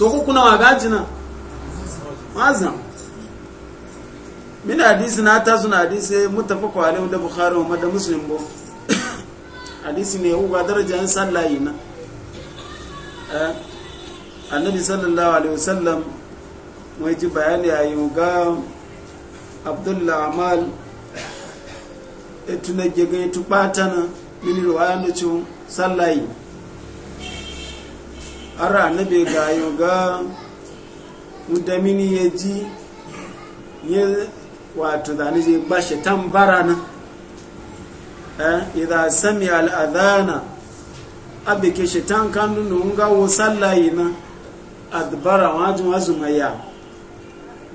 so ko kuna wagaji na mazan mina hadisi na ta suna hadisi mutafaku alaihi da bukhari wa da muslim bo (coughs) hadisi ne uba daraja yin sallah na eh, annabi sallallahu alaihi wasallam mai ji bayani a yi ga abdullahi amal etu na gege etu na min ruwaya na cin sallah ara na ga gayo ga mudamini ya ji ya wato zane zai ba shi tambara na eh, idan sami al'adana abike shi tan kanu nun wo sallayi na adbara wajen wazu maya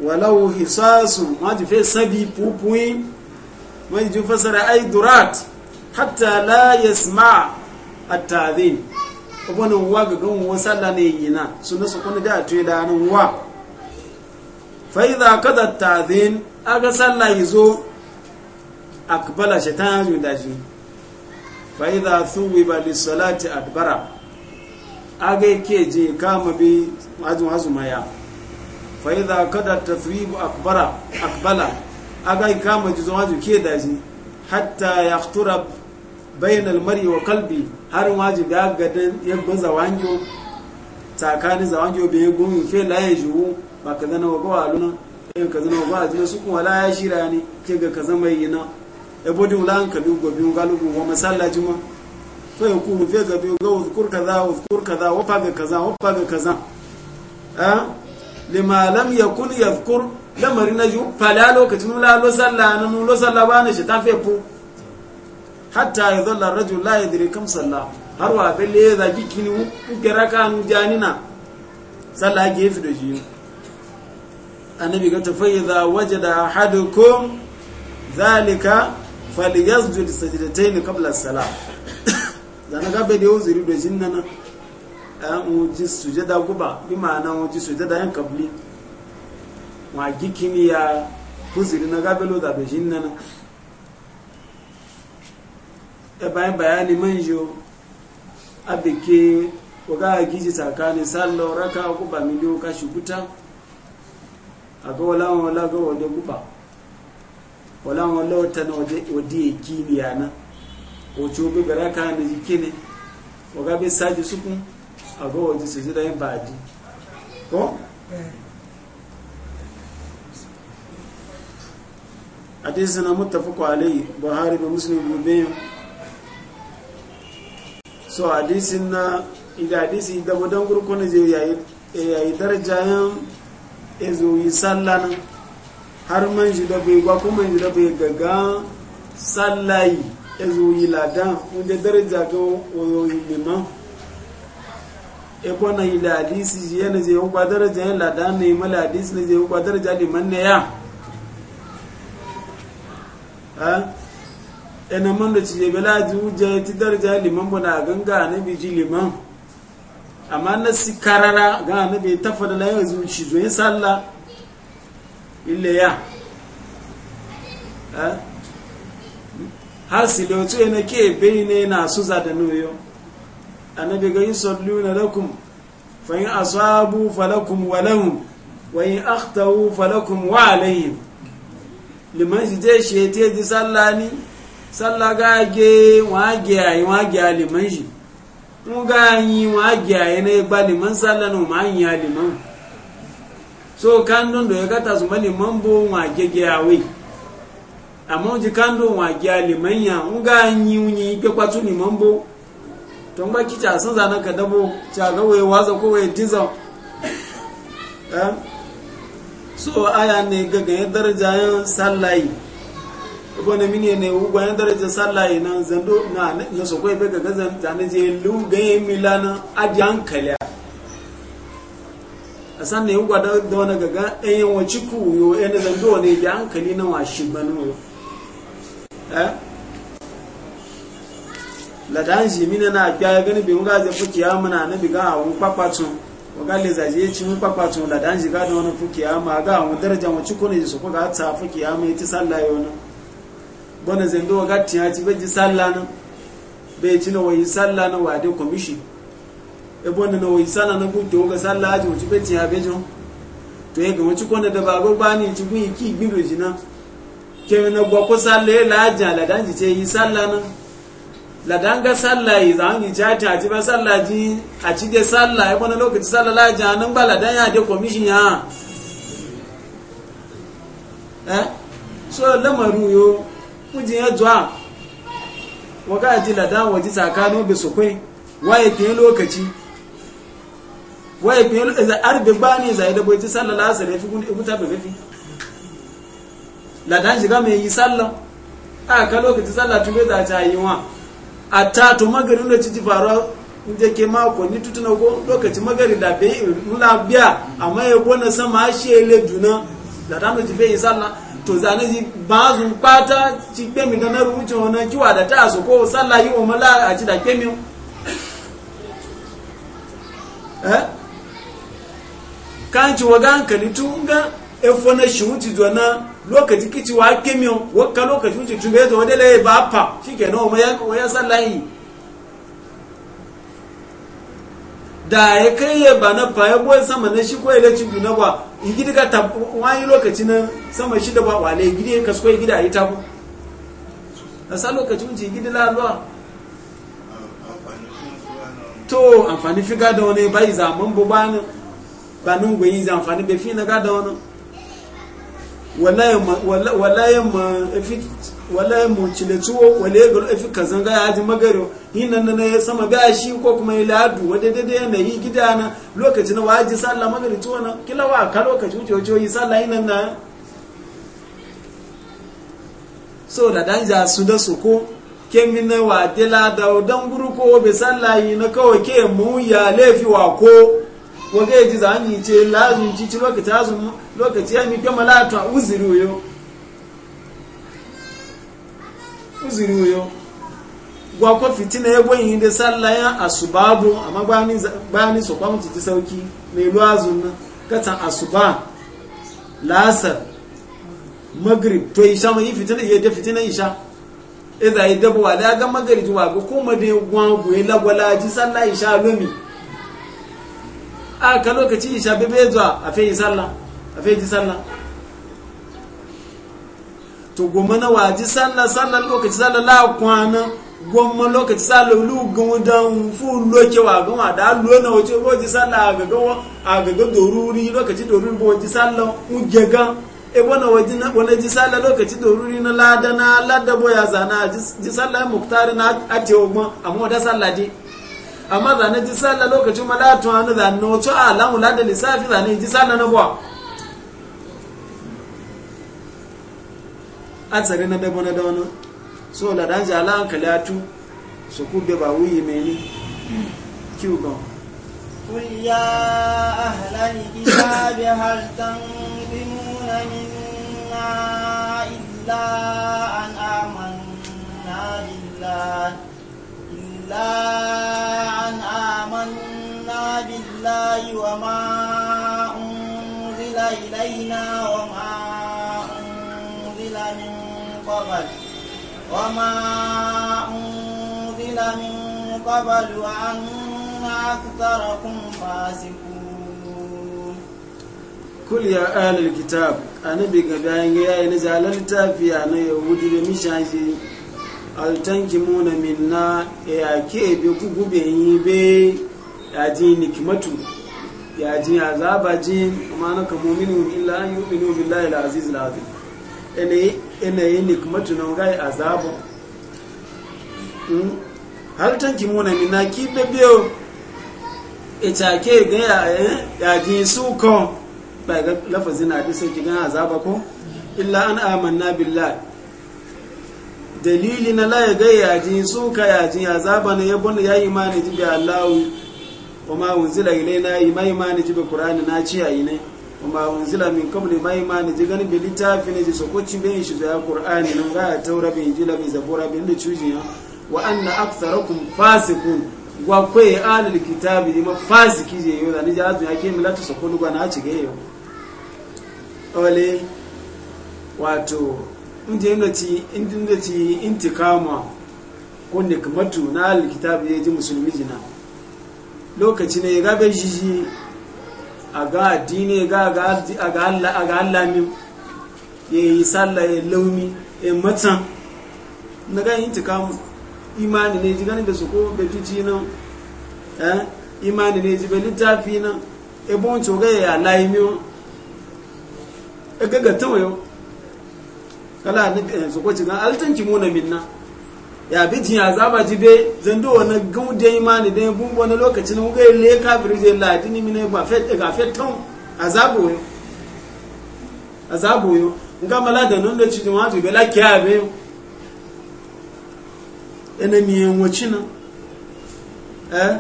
walau hisasu wajen fe sabi pupuyi wajen fasara ai durat hatta la yasma at-ta'dhin wani wa ga gan wani sallah ne yi na su na su kuna da tuyi da nan wa fa'iza kada tazin aga sallah yi zo akbala shaitan yi da shi fa'iza suwi ba li salati adbara aga ke je kama bi ajin azuma ya fa'iza kada tasribu akbara akbala aga kama ji zo ajin ke da shi hatta ya tura bayan almari wa kalbi har waji ga gadan yabba zawangiyo tsakanin zawangiyo bai yi fe la ya jiwu ba ka zana wa gawa luna yin ka zana wa gawa jina su kuma laye shira ne ke ga ka zama yi na ya bodin wula an kabi gobi galibu wa masalla jima to ya kuma fe gabi ga uzkur kaza wuzkur kaza wafa ga kaza wafa ga kaza lima lam ya yadhkur lamari na ju fala lokacin wula lo sallah na nulo sallah ba na shi ta fe fu hatta ya zalla rajul la yadri kam salla har wa bele za gikini u garaka nu janina salla ke fi da shi annabi ga tafayyiza wajada ahadukum zalika falyasjud sajdatayn qabla as-salam (coughs) zana ga be da uzuri da jinna nana an uji sujada guba bi ma'ana uji sujada yan kabli wa gikini ya kuzuri na gabelo da be shin da bayan bayani man jo a bike waga giji tsakanin sallar raka guba miliyo kashi guta a ga wala wala wata na wade ya kini yana wace obi gara ka na jike ne waga bai saji sukun a ga su yin ko? hadisi na mutafi kwalai buhari so hadisin na iga hadisi da wadan gurkun je yayi eh, yan ezo yi sallan har man ji da bai gwa kuma ji da bai gaga sallayi ezo yi ladan wanda daraja ga oyo yi lima ebo na yi da hadisi ji yana je yi daraja yan ladan ne mala hadisi na je yi kwa daraja liman ne ya ha ina man da ci bela ji hujja ti darja liman bana ganga na bi ji liman amma na si karara ga na bai tafa da layar zuci zoyin sallah ille ya har si lautu yana ke bai ne na su za da noyo annabi ga yin sallu na lakum fa yin asabu falakum walahum wa yin akhtawu falakum wa alayhim liman shi je shi ya te di ni sallah ga ge wa ge ayi wa ge aliman mu ga yi wa ge ayi na ba liman sallah no ma ali man so kan don do ya kata su ma liman bo wa ge ge awe amma ji kan don wa ge man ya mu ga yi ni pe ni liman bo to ba ki ta san zanan ka dabo cha ga waye waza ko we dizo eh? so aya ne ga ga darajar sallah na mini ne ugwa yan daraja sallah ina zando na na so ko ibe ga zan na je lu ga yi milana adiyan kalya asan ne ugwa da da wani gaga ɗayan waci ku yo ɗan zando ne da hankali na washi banu eh la dan ji mina na ga gani bi mun ga je fuki ya muna na biga a wun papatun waga le zaje ci mun papatun la dan ji ga da wani fuki ya ma ga wun daraja waci ku ne so ko ga ta fuki ya mai ti sallah yo na bana zendo wakati ya cibeji salla na bai ci e na wayi sallah na wade komishi e bana na wayi sallah na gute waga sallah aji wace bai ci ya bejo to ya gama ci kone da babu bani ci gun iki gbindo jina kemi na gwa ko salla ya a ladan ji ce yi salla na ladan ga salla yi zan yi jati a ci ba salla ji a ci de salla ya e bana lokaci sallah lajan nan ba ladan ya de komishin ya eh so lamaru yo kujin ya zuwa waka ji lada waje tsakanin da su kwai waye fiye lokaci waye fiye lokaci arbe ba ne yi da bai ji sallah la asali fi gudu ta bai fi lada shiga mai yi sallah a ka lokaci sallah tun bai zaci yi wa a ta to magarin da ci faruwa inda ke mako ni tutuna ko lokaci magarin da bai nula biya amma ya gona sama shi ya le juna lada da ci bai yi sallah to zane ji ba zu bata ci kemi ga na rubuce wani kiwa da ta su ko sallah yi wa a ci da kemi eh kan ci wa gan kali tun ga efo na shi wuce zuwa na lokaci kici wa kemi wa ka lokaci wuce tun ga yadda wadda laye ba fa shi ke na wa ya sallah yi da ya kai ya ba na faya buwan sama na shi ko ya leci bi na ba igidi ka ta wani lokaci na sama shi da ba ne gidi ka so igidi a ita tabu na sa lokacin ji gidi la to amfani fi gada wani bai zaman bu ba ni ba nun amfani bai fi na gada wani wallahi ma fi wala mu cile ciwo wala ya garo afi kazan ga yaji magaro hinan nan ya sama ba shi ko kuma ya ladu wada daidai yana yi gidana lokaci na waji sallah magari ciwo na kila wa ka lokaci wuce wuce yi sallah hinan na so da dan ja su da su ko kemin na wa dela da dan guru ko be sallah yi na kawai ke mu ya lafi wa ko waga ya ji zani ce lazun ci ci lokaci azun lokaci ya mi kama ta uziru yo uzuri uyo gwakwa fitina ya boyin da salla ya asubabu amma bani bani so kwa mutu sauki mai luwazun nan katan asuba lasar magrib to isha mai fitina ya da fitina isha idza yadabu wa da ga magrib wa ga kuma da gwan gwe lagwala ji sallah isha lumi a ka lokaci isha bebe zuwa a fe sallah a fe ji salla. to goma na waji sallah sallah lokaci sallah la goma lokaci sallah lu gumu dan fu loke wa goma da lu na wace roji sallah agaga agaga doruri lokaci doruri bo waji sallah ujega e bona waji na bona ji sallah lokaci doruri na lada na lada boya zana ji sallah muktari na ate ogma amma da sallah ji amma zana ji sallah lokaci malatu anu zana a lamu lada lisafi zana ji sallah na bo atsare na dabo na wani so la danje ala an kale atu su ku be ba wuyi mai ni ki u minna illa an amanna illa an amanna ma wa ma min قبل وما أنزل من قبل وأن أكثركم فاسقون كل يا أهل الكتاب أنا بيقبعين يا إنزال التافي أنا يهودي بمشاجي altanki muna minna ya ke bi kuku yi be ya ji nikimatu ya ji azaba amma na kamomin illa an yi ubinu billahi la aziz la yanayin nikmatunan gai azabu halittar kimuna mina ki da biyo itake ga yaji su kan ba ga lafazin a bisa ki gan azaba ko illa an amanna billah dalili na la ga yaji su ka yaji azaba ne ya bunda yayi imani ji bi Allah wa ma unzila ilaina yi imani ji bi qur'ani na ci ayi ne kuma unzila min kabli mai ma ni jigan bi litafi ne so ko bai bin shi da qur'ani nan ga taura bai jila bin zabura bin da cuji ya wa anna aktharakum fasikun wa kai alil kitabi ma fasiki je yo da ni jazu yake mi lati so ko na ci ge yo ole wato inda yana ci inda ci intikama ko kamatu na alil kitabi ya musulmi jina lokaci ne ya gabe shi a ga addini ga ga allami ya yi sallah ya launi ya matan na ga yin tikamu imani ne ji gani da su ko bai ji nan eh? imani ne ji bai littafi nan ebe wancan ga ya layi miyo ya e gagata wayo kala ne eh, su ko cikin altanki muna minna ya bi jin azaba jibe zando wani gaude imani da bun wani lokacin wuga le kafiri je ladini dini mine ba fet ga fet ton azabu yo azabu yo nga mala da non da cikin wato be la kiya be ene mi en wacina eh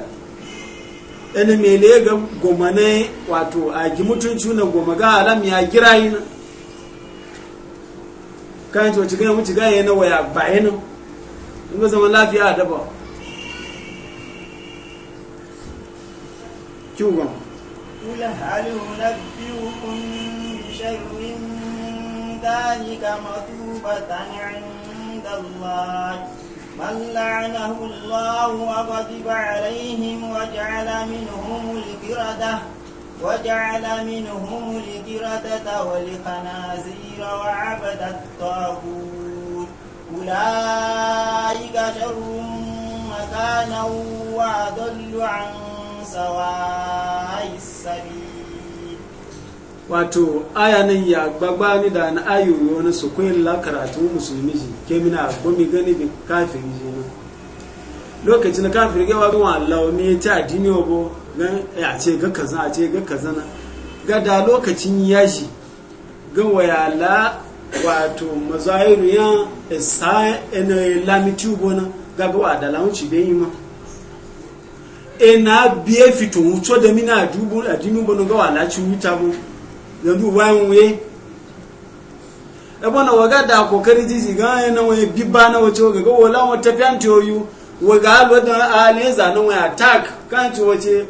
enemi mi le ga gomane wato a gi mutuncu na goma ga alam ya girayina kan to cikin mu cigaye na waya bayina in ga zaman lafiya da ba بشر من ذلك عند الله من لعنه الله وغضب عليهم وجعل منهم القردة وجعل منهم القردة والخنازير وعبد الطاغوت أولئك شر مكانا وأضل عن سواء السبيل wato nan ya gbagba ni da na ayo wani su kwayin la karatu musulmi ji ke mina gomi gani bi kafiri ji na lokacin na kafiri gawa ruwa Allah ne ta addini obo gan ya eh, ce ga kaza a ce ga kaza na ga da lokacin yashi ga waya la wato mazahiru ya isa ina lamiti ubona gaga wa da launci bai yi ma ina e biye fito wuco da mina adubu adini ubona ga wa laci wuta bu yanzu bayan wuye ebona waga da kokari jiji ga ina waye bibba na wace ga ga wala wata fiyanti yoyu waga alwa da aleza na waye attack kan ci wace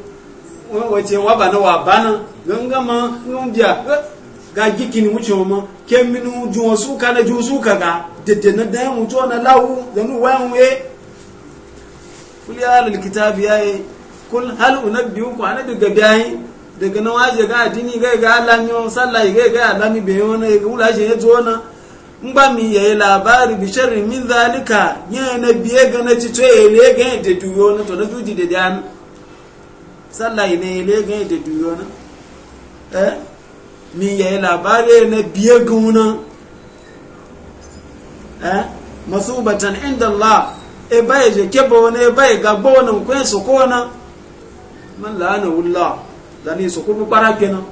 wace wabana wabana gangama ngumbiya ga gikini wuce mu ke minu juwa suka na juwa suka ga dede na da mu to na lawu zanu wayan we kul ya al kitab ya yi kul hal unabbiuku ana daga bayi daga na waje ga dini ga ga lanyo sallah ga ga lami be wona ga wula je yazo na ngba mi yayi labari bi sharri min zalika ya na biye ga na ci to ele ga de duyo na to da duji de dan sallah ne ele ga de duyo na eh mi yayi labari na biye guna eh masubatan inda Allah e baye je kebo wani e baye gagbo wani kwen su ko wani man la'ana wula ni su ko bu bara kenan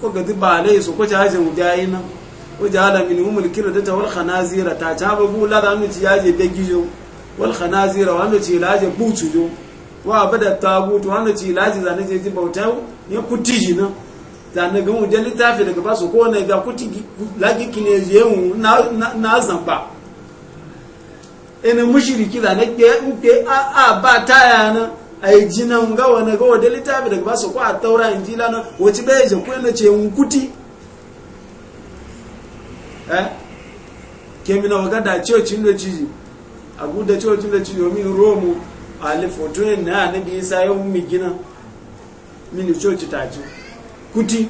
ko gadi ba alai su ko jaje mu jayi nan ko jala min humul kirda ta wal khanazira ta ta ba bu la zanu ci yaje be gijo wal khanazira wa anu ci laje butu jo wa bada tabutu wa anu ci laje zani ji bauta ne kutiji nan zane ga wujen littafi daga basu ko na ga kuti lagi kine yewu na zamba ina mushiriki zane ke uke a a ba taya na a yi jinan gawa na gawa da littafi daga basu ko a taura in jila na wace bai je ko yana ce kuti eh na waga da cocin da ciji a guda cocin da ciji domin romu a lifotunin na anabi isa yau mi gina mini coci ta ciji kuti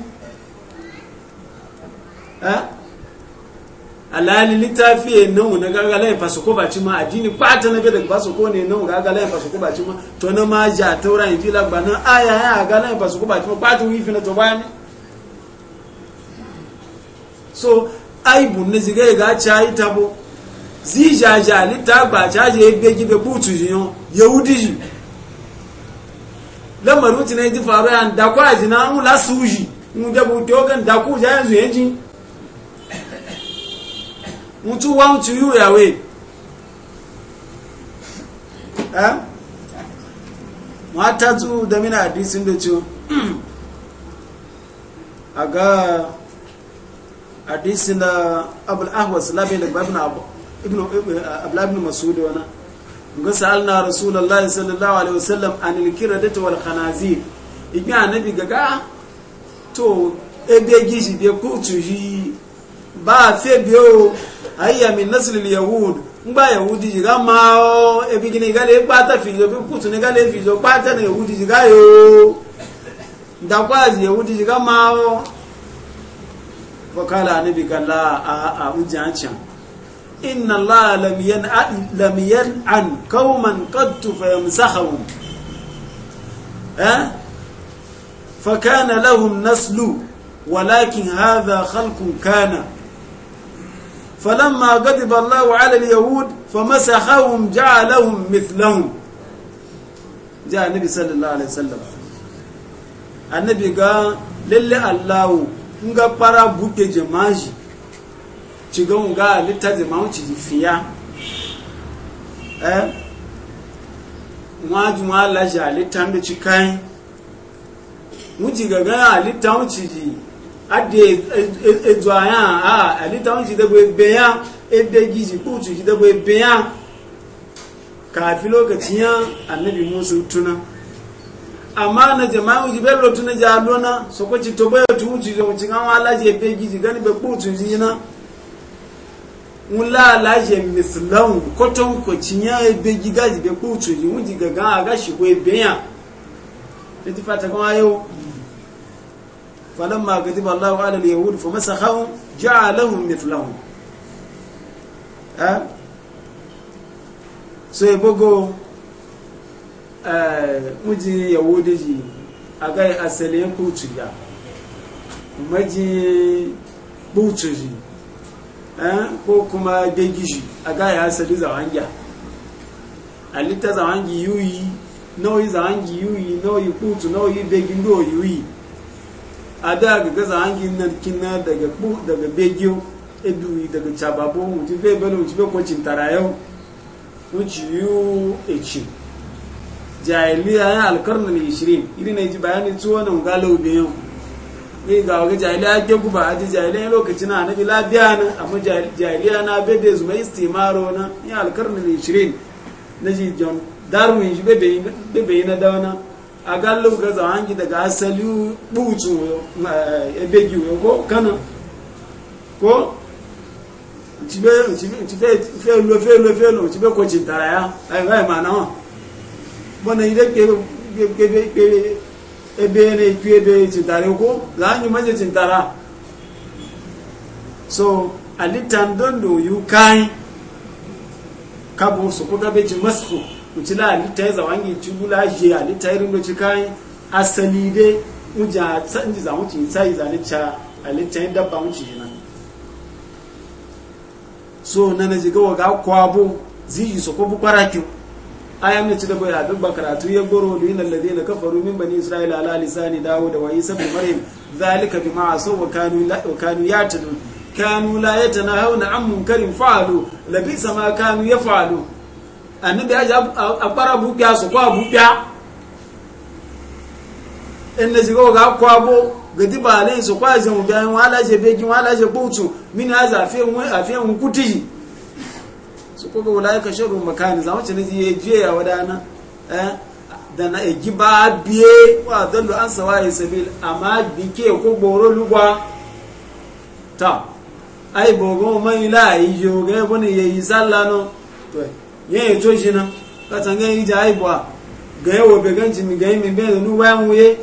alali littafi ya nan na gagalaye fasoko baci ma addini kwata na daga fasoko ne nan gagalaye fasoko baci ma to na ma ja taura in fila ba nan aya ya gagalaye fasoko baci ma kwata wifi na to bayan so aibu ne zige ga chai tabo zijaja littagba chaje egbe gibe butu yi yiyan yahudi yi lamarin na yi faru ya da kwa ji na mu la su ji mu da bu to kan da ku ja yanzu yanji mu tu wa tu yu ya we ha mata tu da mina hadisin da ciwo (clears throat) a ga hadisin da abul ahwas labe da ibn abu ibn abul ibn masud wana ga sa'alna rasulullahi sallallahu alaihi wasallam anil kiradati wal khanazir igbe anabi gaga to ebe gishi be kutu yi ba fe bi o ayya min nasl al yahud ngba yahudi jiga ma o ebi gini ga le pa ta fi jo bi kutu ni ga le fi jo pa ta na yahudi jiga yo da kwa yahudi jiga ma o fakala anabi kala a a ujancan inna allaha lam yan lam yan an qauman qad tufamsahu eh fa lahum naslu walakin hadha khalqun kana falamma ghadiba allahu ala alyahud famasakhahum ja'alahum mithlahum ja nabi sallallahu alaihi wasallam annabi ga lalle allahu nga para buke jama'i ci ga wunga littafi ma fiya eh ma ji ma laji a littafi da ci kayan wuce ga a littafi wuce ji adi aya a ebe ya ede gizi ji dagbo ebe ya kafi lokaci ya annabi musu tuna amma na jama'a uji be lotu na jalona so ko ci to be tu uji zo kan wala gizi gani be wula laje mislan ko to ko cinya be giga be kutu ji mu gaga ga ga shi ko be ya ti fata ko ayo falamma kadiba Allahu ala al-yahud famasakhahum ja'alahum mithlahum eh so ebogo eh muji yahudi ji agai asali kutu ya maji kutu ji Eh? ko kuma dai gishi a gaya asali zawangiya alita zawangi yuyi nauyi zawangi yuyi nauyi kutu nauyi begin do yuyi a da ga zawangi na kina daga ku daga begiyo eduyi daga cababo mutu fe belo mutu fe kwacin tarayo mutu yu eci jahiliya ya alkarnar 20 irin na ji bayanin tuwa na ngalo biyan ni ga waga jahiliya ke guba a jahiliya lokacin na nabi labiya na amma jahiliya na bebe zuwa istimaro na ni alkarni da ishirin na ji john darwin shi bebe yi na dauna a gallo ga zawangi daga asali butu eh, ebegi ko kana ko tibe tibe felo felo felo tibe ko cintara ya ayi ma na wa bana ide ke kebe kebe. ebe ne fi ebe chetara ko za anyị yi chetara so alitan don do yi ụka kabo su kuka bai ci masu ucila alita ya zawangi cibula je alita irin da ci kai asali dai uja sanji za mutu sai za alita alita ya dabba mutu na so na na ga waga abụ zi yi su ko bukwara ayan ne ci da bai duk ba karatu ya goro da yin allazi na kafaru min bani isra'ila ala lisani dawo da wayi sabu maryam zalika bima asaw wa kanu la wa kanu yatadun kanu la yatanahawna an munkarin fa'alu labisa sama kanu yaf'alu annabi ya abara bubiya su kwa bubiya in ne jigo ga kwabo gadi ba lai su kwa jamu bayan wala je bekin wala je bautu min haza afiyan afiyan kuti su kuka wulaye ka shirin makani zama ci niji ya jiye ya wadana eh, da na egi ba biye wa zallu an sawa ya sabil amma bike ko goro lugwa ta ai ma mai la yi yi ga ya yi sallah no to ye ya to shi na ka tanga yi ja ai ba ga yawo be ganci mi ga yi mi be da nu wuye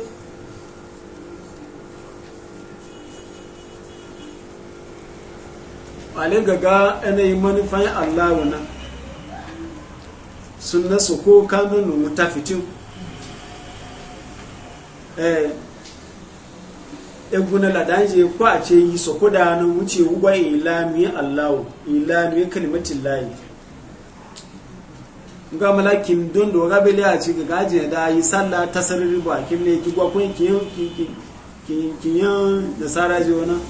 ale gaga yanayi manufan allahu na sunna su ko kanunu numu ta fitin eh, eguna ladanje ko a ce yi so ko da nan wuce ugwa ilami allahu ilami kalimatin layi ga malakin don da waga bele a ce ga gaji da yi sallah ta sarari ba kimle ki gwa kun ki ki ki ki da saraji wannan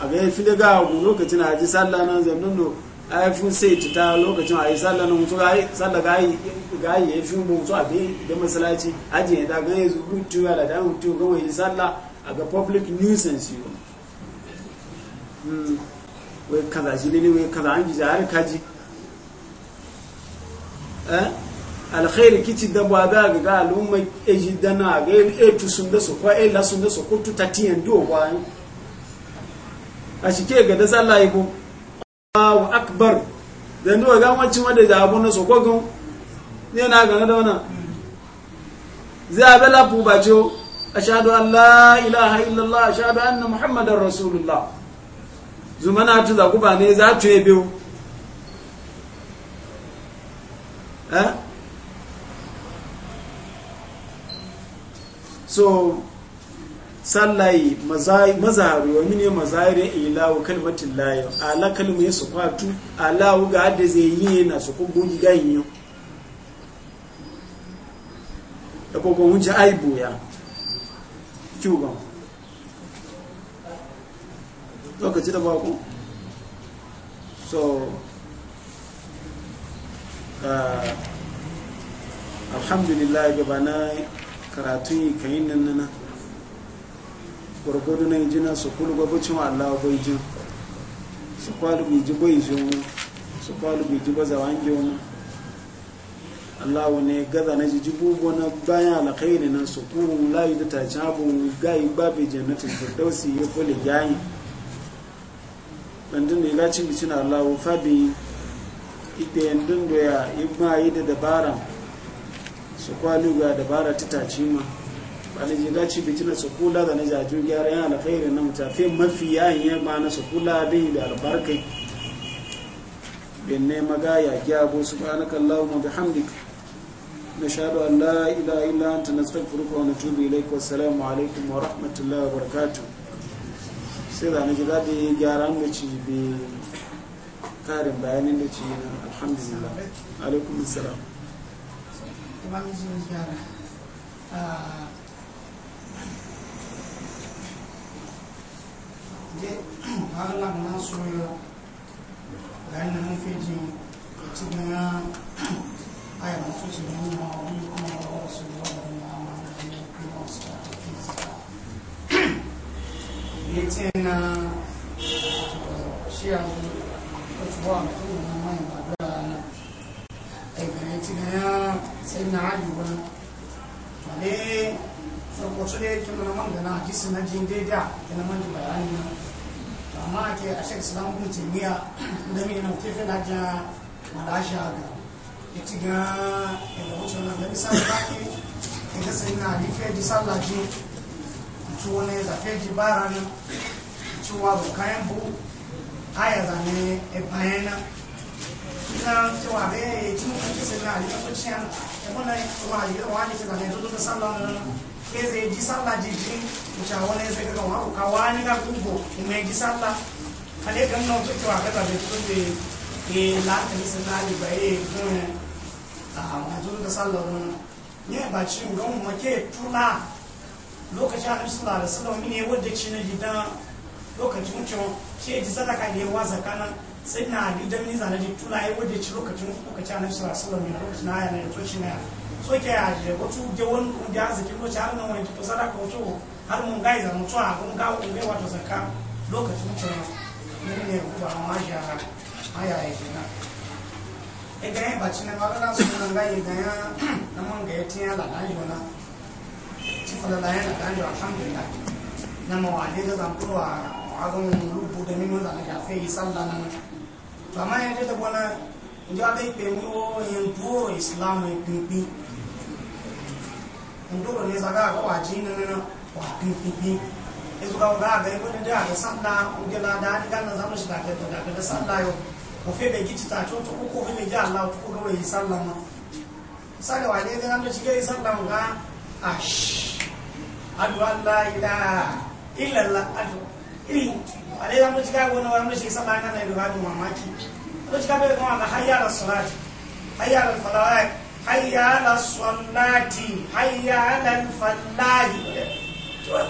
abin ga fi daga ku lokacin haji sallah nan zannun no a fi sai ta ta lokacin a yi sallah nan mutu sallah ga yi ga yi ya fi mutu a bai da masalaci aji ya daga ya zubu tuwa da dan mutu ga wani sallah a ga public nuisance yi hmm. wai kaza shi ne wai kaza an gija har kaji eh alkhairi kici da ba ga ga al'umma ejidana ga e, e tusun e da su ko e lasun da su ko tutatiyan do ba a shi ke ga da sallah yi ko Allahu akbar da nduwa ga wancin wanda da abun na sokogon ne na ga da wannan zai abela fu ba jo ashhadu an la ilaha illallah an na muhammadar rasulullah zumana tu za ku ba ne za tu ebe eh so sallayi mazahari wa mine mazahari yi lawo kalmatin layo ala kalma su kwatu ala wuga hada zai yi yana su kogo gigayin yau da kogon wuce aibu ya kyugon lokaci da bako so ah, alhamdulillah gabana karatun yi kayin nan nan gwargwado na injina su kulu gwabacin allah bai jin su kwalu bai ji bai ji wani su kwalu bai ji baza wange wani allah ne gaza na ji jibubu na bayan alkhairi na su kulu layu da tacin abu gayi babu jannatin dausi ya kule gayi bandun da ya gaci bicin allah fabi ita yin dundu ya yi da dabara su kwalu ga dabara ta tace ma bana da gaci bitina su kula da na jaju gyara yana alkhairin na mutafi mafi yayin ya ma na su kula bai da albarkai bin ne magaya gyabo subhanaka allahumma bihamdika nashhadu an la ilaha illa anta nastaghfiruka wa natubu ilayka salamu alaikum wa rahmatullahi wa barakatuh sai da na ji daɗi gyara an ci bi karin bayanin da ci na alhamdulillah alaikum assalam kuma gyara ah. je hala na soyo dan nan fiji cikin aya na ci ne ma wani kuma ba su ba da na ma ne kuma su ta fi yace na shi a wata wa mutum na mai magana na ai ga yace na sai na ajuwa wani. farko ne yake mana man gana hadisi na jin daidai da na man bayani na amma ke a shek islam bin jamiya da mai na tafi na ja malasha ga ya ga ya wuce na gani sa ba ke ya sai na rife di sallaji ci wani da feji bara ne ci wa bu kayan bu aya ne e ina ci wa ne ci mu kace sai na rife ko ci an e bona yi wa ni ta ne to to sallaji eze ji sallah jiji wuta wani eh, ah, ya saka kan haku kawa ni ka gugu kuma ya ji sallah kale kan nan to cewa ka tafi to be e la ta ni sallah ni ba e gun a amma da sallah wani ne ba ci ga mu make tuna lokacin annabi sallallahu alaihi wasallam ne wadda ci na gidan lokacin ci ce ji sadaka ne wa zakana sai na bi da ni zanaji tuna ya wadda ci lokacin ka lokacin annabi sallallahu alaihi wasallam ne lokacin aya ne to shi ne to ke a je wato je wani da arziki no har nan wani to sadaka wato har mun ga izan mutu a kun ga kun wato zakka lokacin mutu ne ne ku ba ma ja aya ai na e ga ba cin ma ga su nan ga yi ga ya nan mun ga yatin ya la na yi na ci fa la ya la na alhamdulillah na ma wa ne da zan kurwa azan rubu da min wannan ga sai sallah nan to amma ya da bona injo abe pe mu o yin duo islam pin pin ndoro ne zaga ga waji na na wa pipipi ezu ga ga ga ko ne da sanda ga da ga na zamu shi da ga da da sanda yo ko fe be gici ta to ko ko ne ja Allah ko ga yi sallama saka wa wani ga na shi ga sallama ga ash adu Allah ila illa Allah adu ilu ale zamu shi ga wona wa mu shi sallama na da ga mamaki to shi be ko ga hayyara salati hayyara hayya ala sallati hayya ala fallahi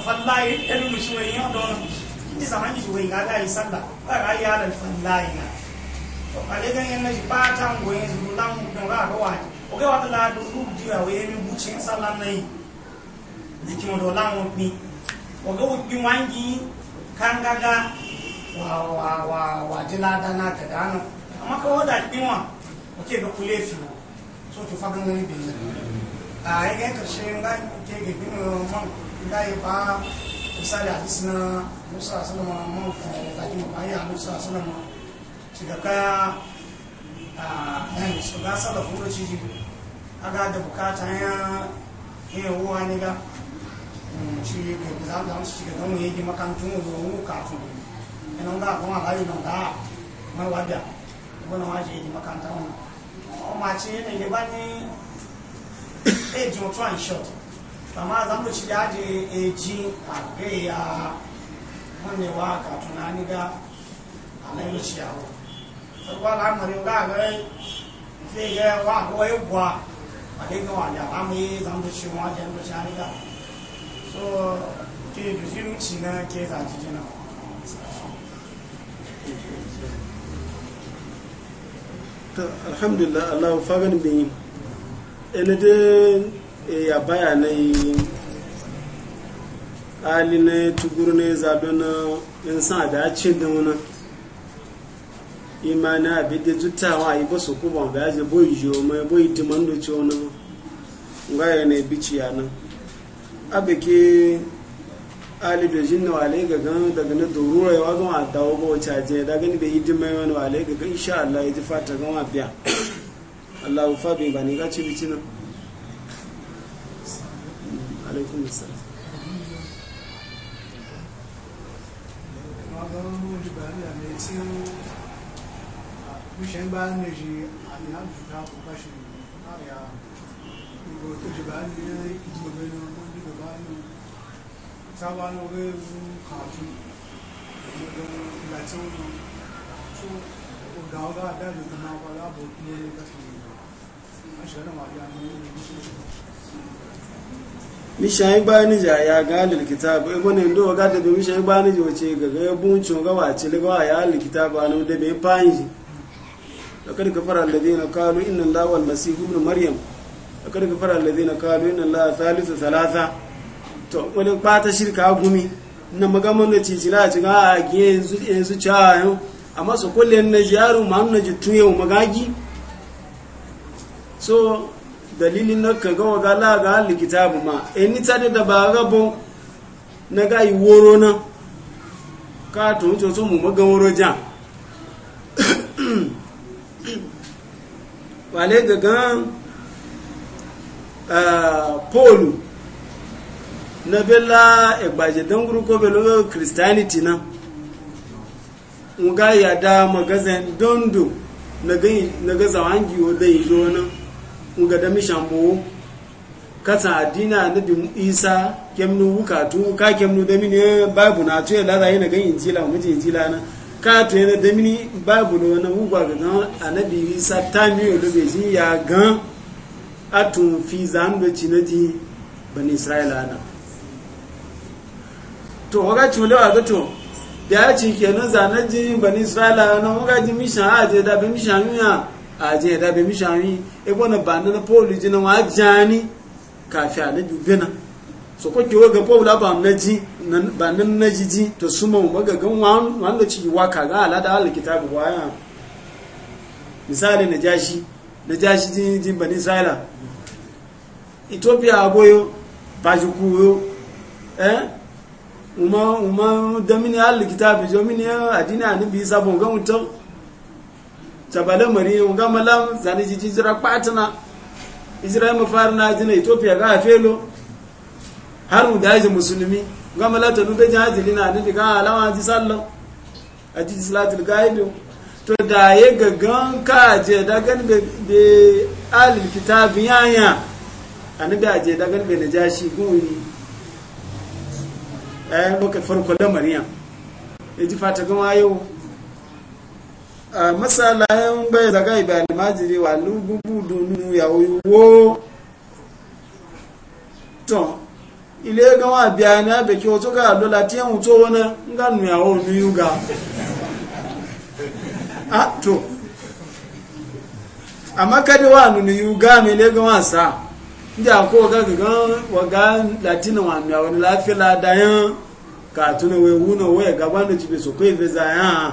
fallahi ɗan mushi wani yau da wani inda zaman yi wai ga gayi sallah ba hayya ala fallahi na to ale gan yana ji fatan goyin su lan da ra ga wani o ga wata la do ru ji wa yi mi bucin sallah nai ne ki mo do lan wo mi o ga wuki wangi kan gaga wa wa wa wa jila dana ta dana amma ka wada dinwa o ke ga kulefi na so ki fagan wani bi a yayin karshe ga ke ga bin man ga yi ba misali hadis na Musa sallama man fa da ki ba ya Musa sallama shiga kaya a yan su ga sada furo ciji aga da bukata ya ya uwa ne ga ci ga za da su shiga don yi makarantun ruwa kafin kuma ga yi nan ga mai wadda wannan waje yi makaranta ọmọ àti ya bani bá ní èjì wọn tó à ń ṣọ tàmá àzámọ̀ a dá di èjì àgbéyà wọn lè wá kàtúnà nígbà àlẹ́yìn ṣe àwọn ọgbà lámọ̀rí ọgá àgbẹ̀ fi yẹ wá àgbọ̀ ẹ̀wà àdéhùn àjà lámọ̀ yìí zámọ̀ ṣe wọn àjẹ́ ń so to alhamdulillah allah fagan bin ele de e, ya baya na ali na tuguru ne zaɓe na insan a da ce da wani imani abi da jutawa yi ba su kuma ba ya je boyi yi mai boyi dimando ce wani ngaya ne bici yana abeke alibe jin na wale ga gan daga na durura yawa gan a dawo ba wacce je da gani bai yi dimai wani wale ga gan insha Allah ya ji fata gan wa biya Allah fa bai ba ni ga ci bici nan alaikum assalam Ìgbò sábà ní orí ewu kàtó ìgbẹ̀rún ìgbà tí ó lò tó ọ̀gá ọ̀gá àdáyé tó máa wà láàbò ní orí kàtó ìgbà aṣọ ya ga likita ba ibo ne ndo ga da mishayin bayanija wace gaga ya buncho ga wace liga ya likita ba no da bai fanji لقد كفر الذين قالوا إن الله والمسيح ابن مريم لقد كفر الذين قالوا إن الله ثالث to wani kwata shirka gumi na magaman da cicila ci ga a giye yanzu cayo a masu kulle na jiyaru ma na jittu yau magagi so dalilin na kaga waga la ga likita ma e ni ta da ba ga bo na ga yi woro na ka to to mu magan woro jan wale ga gan ah, polu na bela egbaje don guruko belo christianity na nga ya da magazin dondo na ga zawangi o da yi na nga da mishan bowo kata adina na bi isa kemnu wukatu ka kemnu da mini babu na tuye lara yi na gan injila mutu jila na ka tuye na da mini babu na wani wugwa ga gan anabi isa ta miyo da bai ya gan atun fi zan da na bani isra'ila na to waga culewa ga to da ya ci kenan zanen jin bani isra'ila na waga ji mishan je da bi mishan a je da bi mishan yi ko e na bandan na paul ji na wa jani kafi a na dubena so ko kiwo ga paul ba na ji ba na ji ji to su ma ga gan wanda ci wa ka ga ala da ala kitabu wa ya misali na jashi na jashi jin jin bani isra'ila ethiopia aboyo bajuku yo eh uma uma da mini al kitabi jo mini adina ni bi sabon ga mutum tabale mari un ga malam zani ji jira patana israel mu farna jina ethiopia ga felo har mu da ji musulmi ga malata nu be jahili na ni ga alama ji sallo aji salatul gaido to da ya gaggan ka je da gan be al kitabi yaya annabi aje da gan be najashi gumi ɗaya baka farko lamariyan ya ji fata gama yau a ah, matsalayen bai zaga ibe almajiri wa lugubu dunu ya wo to ile gama biya ni abe ki wato ga lola ti yan wuto wani nga nu ya wo nu yuga a ah, to amma kadi wa nu ga mai le gama sa ndị akwụkwọ ga gagan waga latin wa mi awon lafi lada yan ka tuna we wuna we gaba da jibe so kai veza ya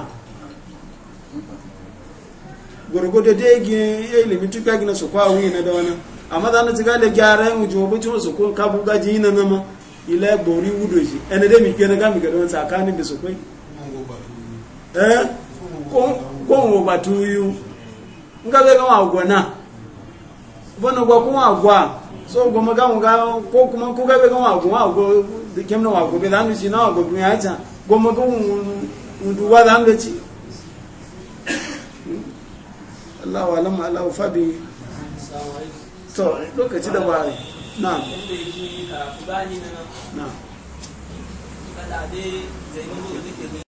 gurgudu de gi ilimi tuka gina so kwa wi na da wana amma da na tiga da gyara yan ujo bu tun so ko ka bu gaji ina na ma ila gbori wudo shi ene de mi ke na ga mi ga aka sakani bi so kai eh ko ko batu yu nga be ga wa gona bono gwa kuma gwa so goma ga mu ga ko kuma ku ga ga wa go de kem no wa be dan si na bi ta goma go mu du wa dan ci Allah wa lam fabi fa lokaci da na na kada zai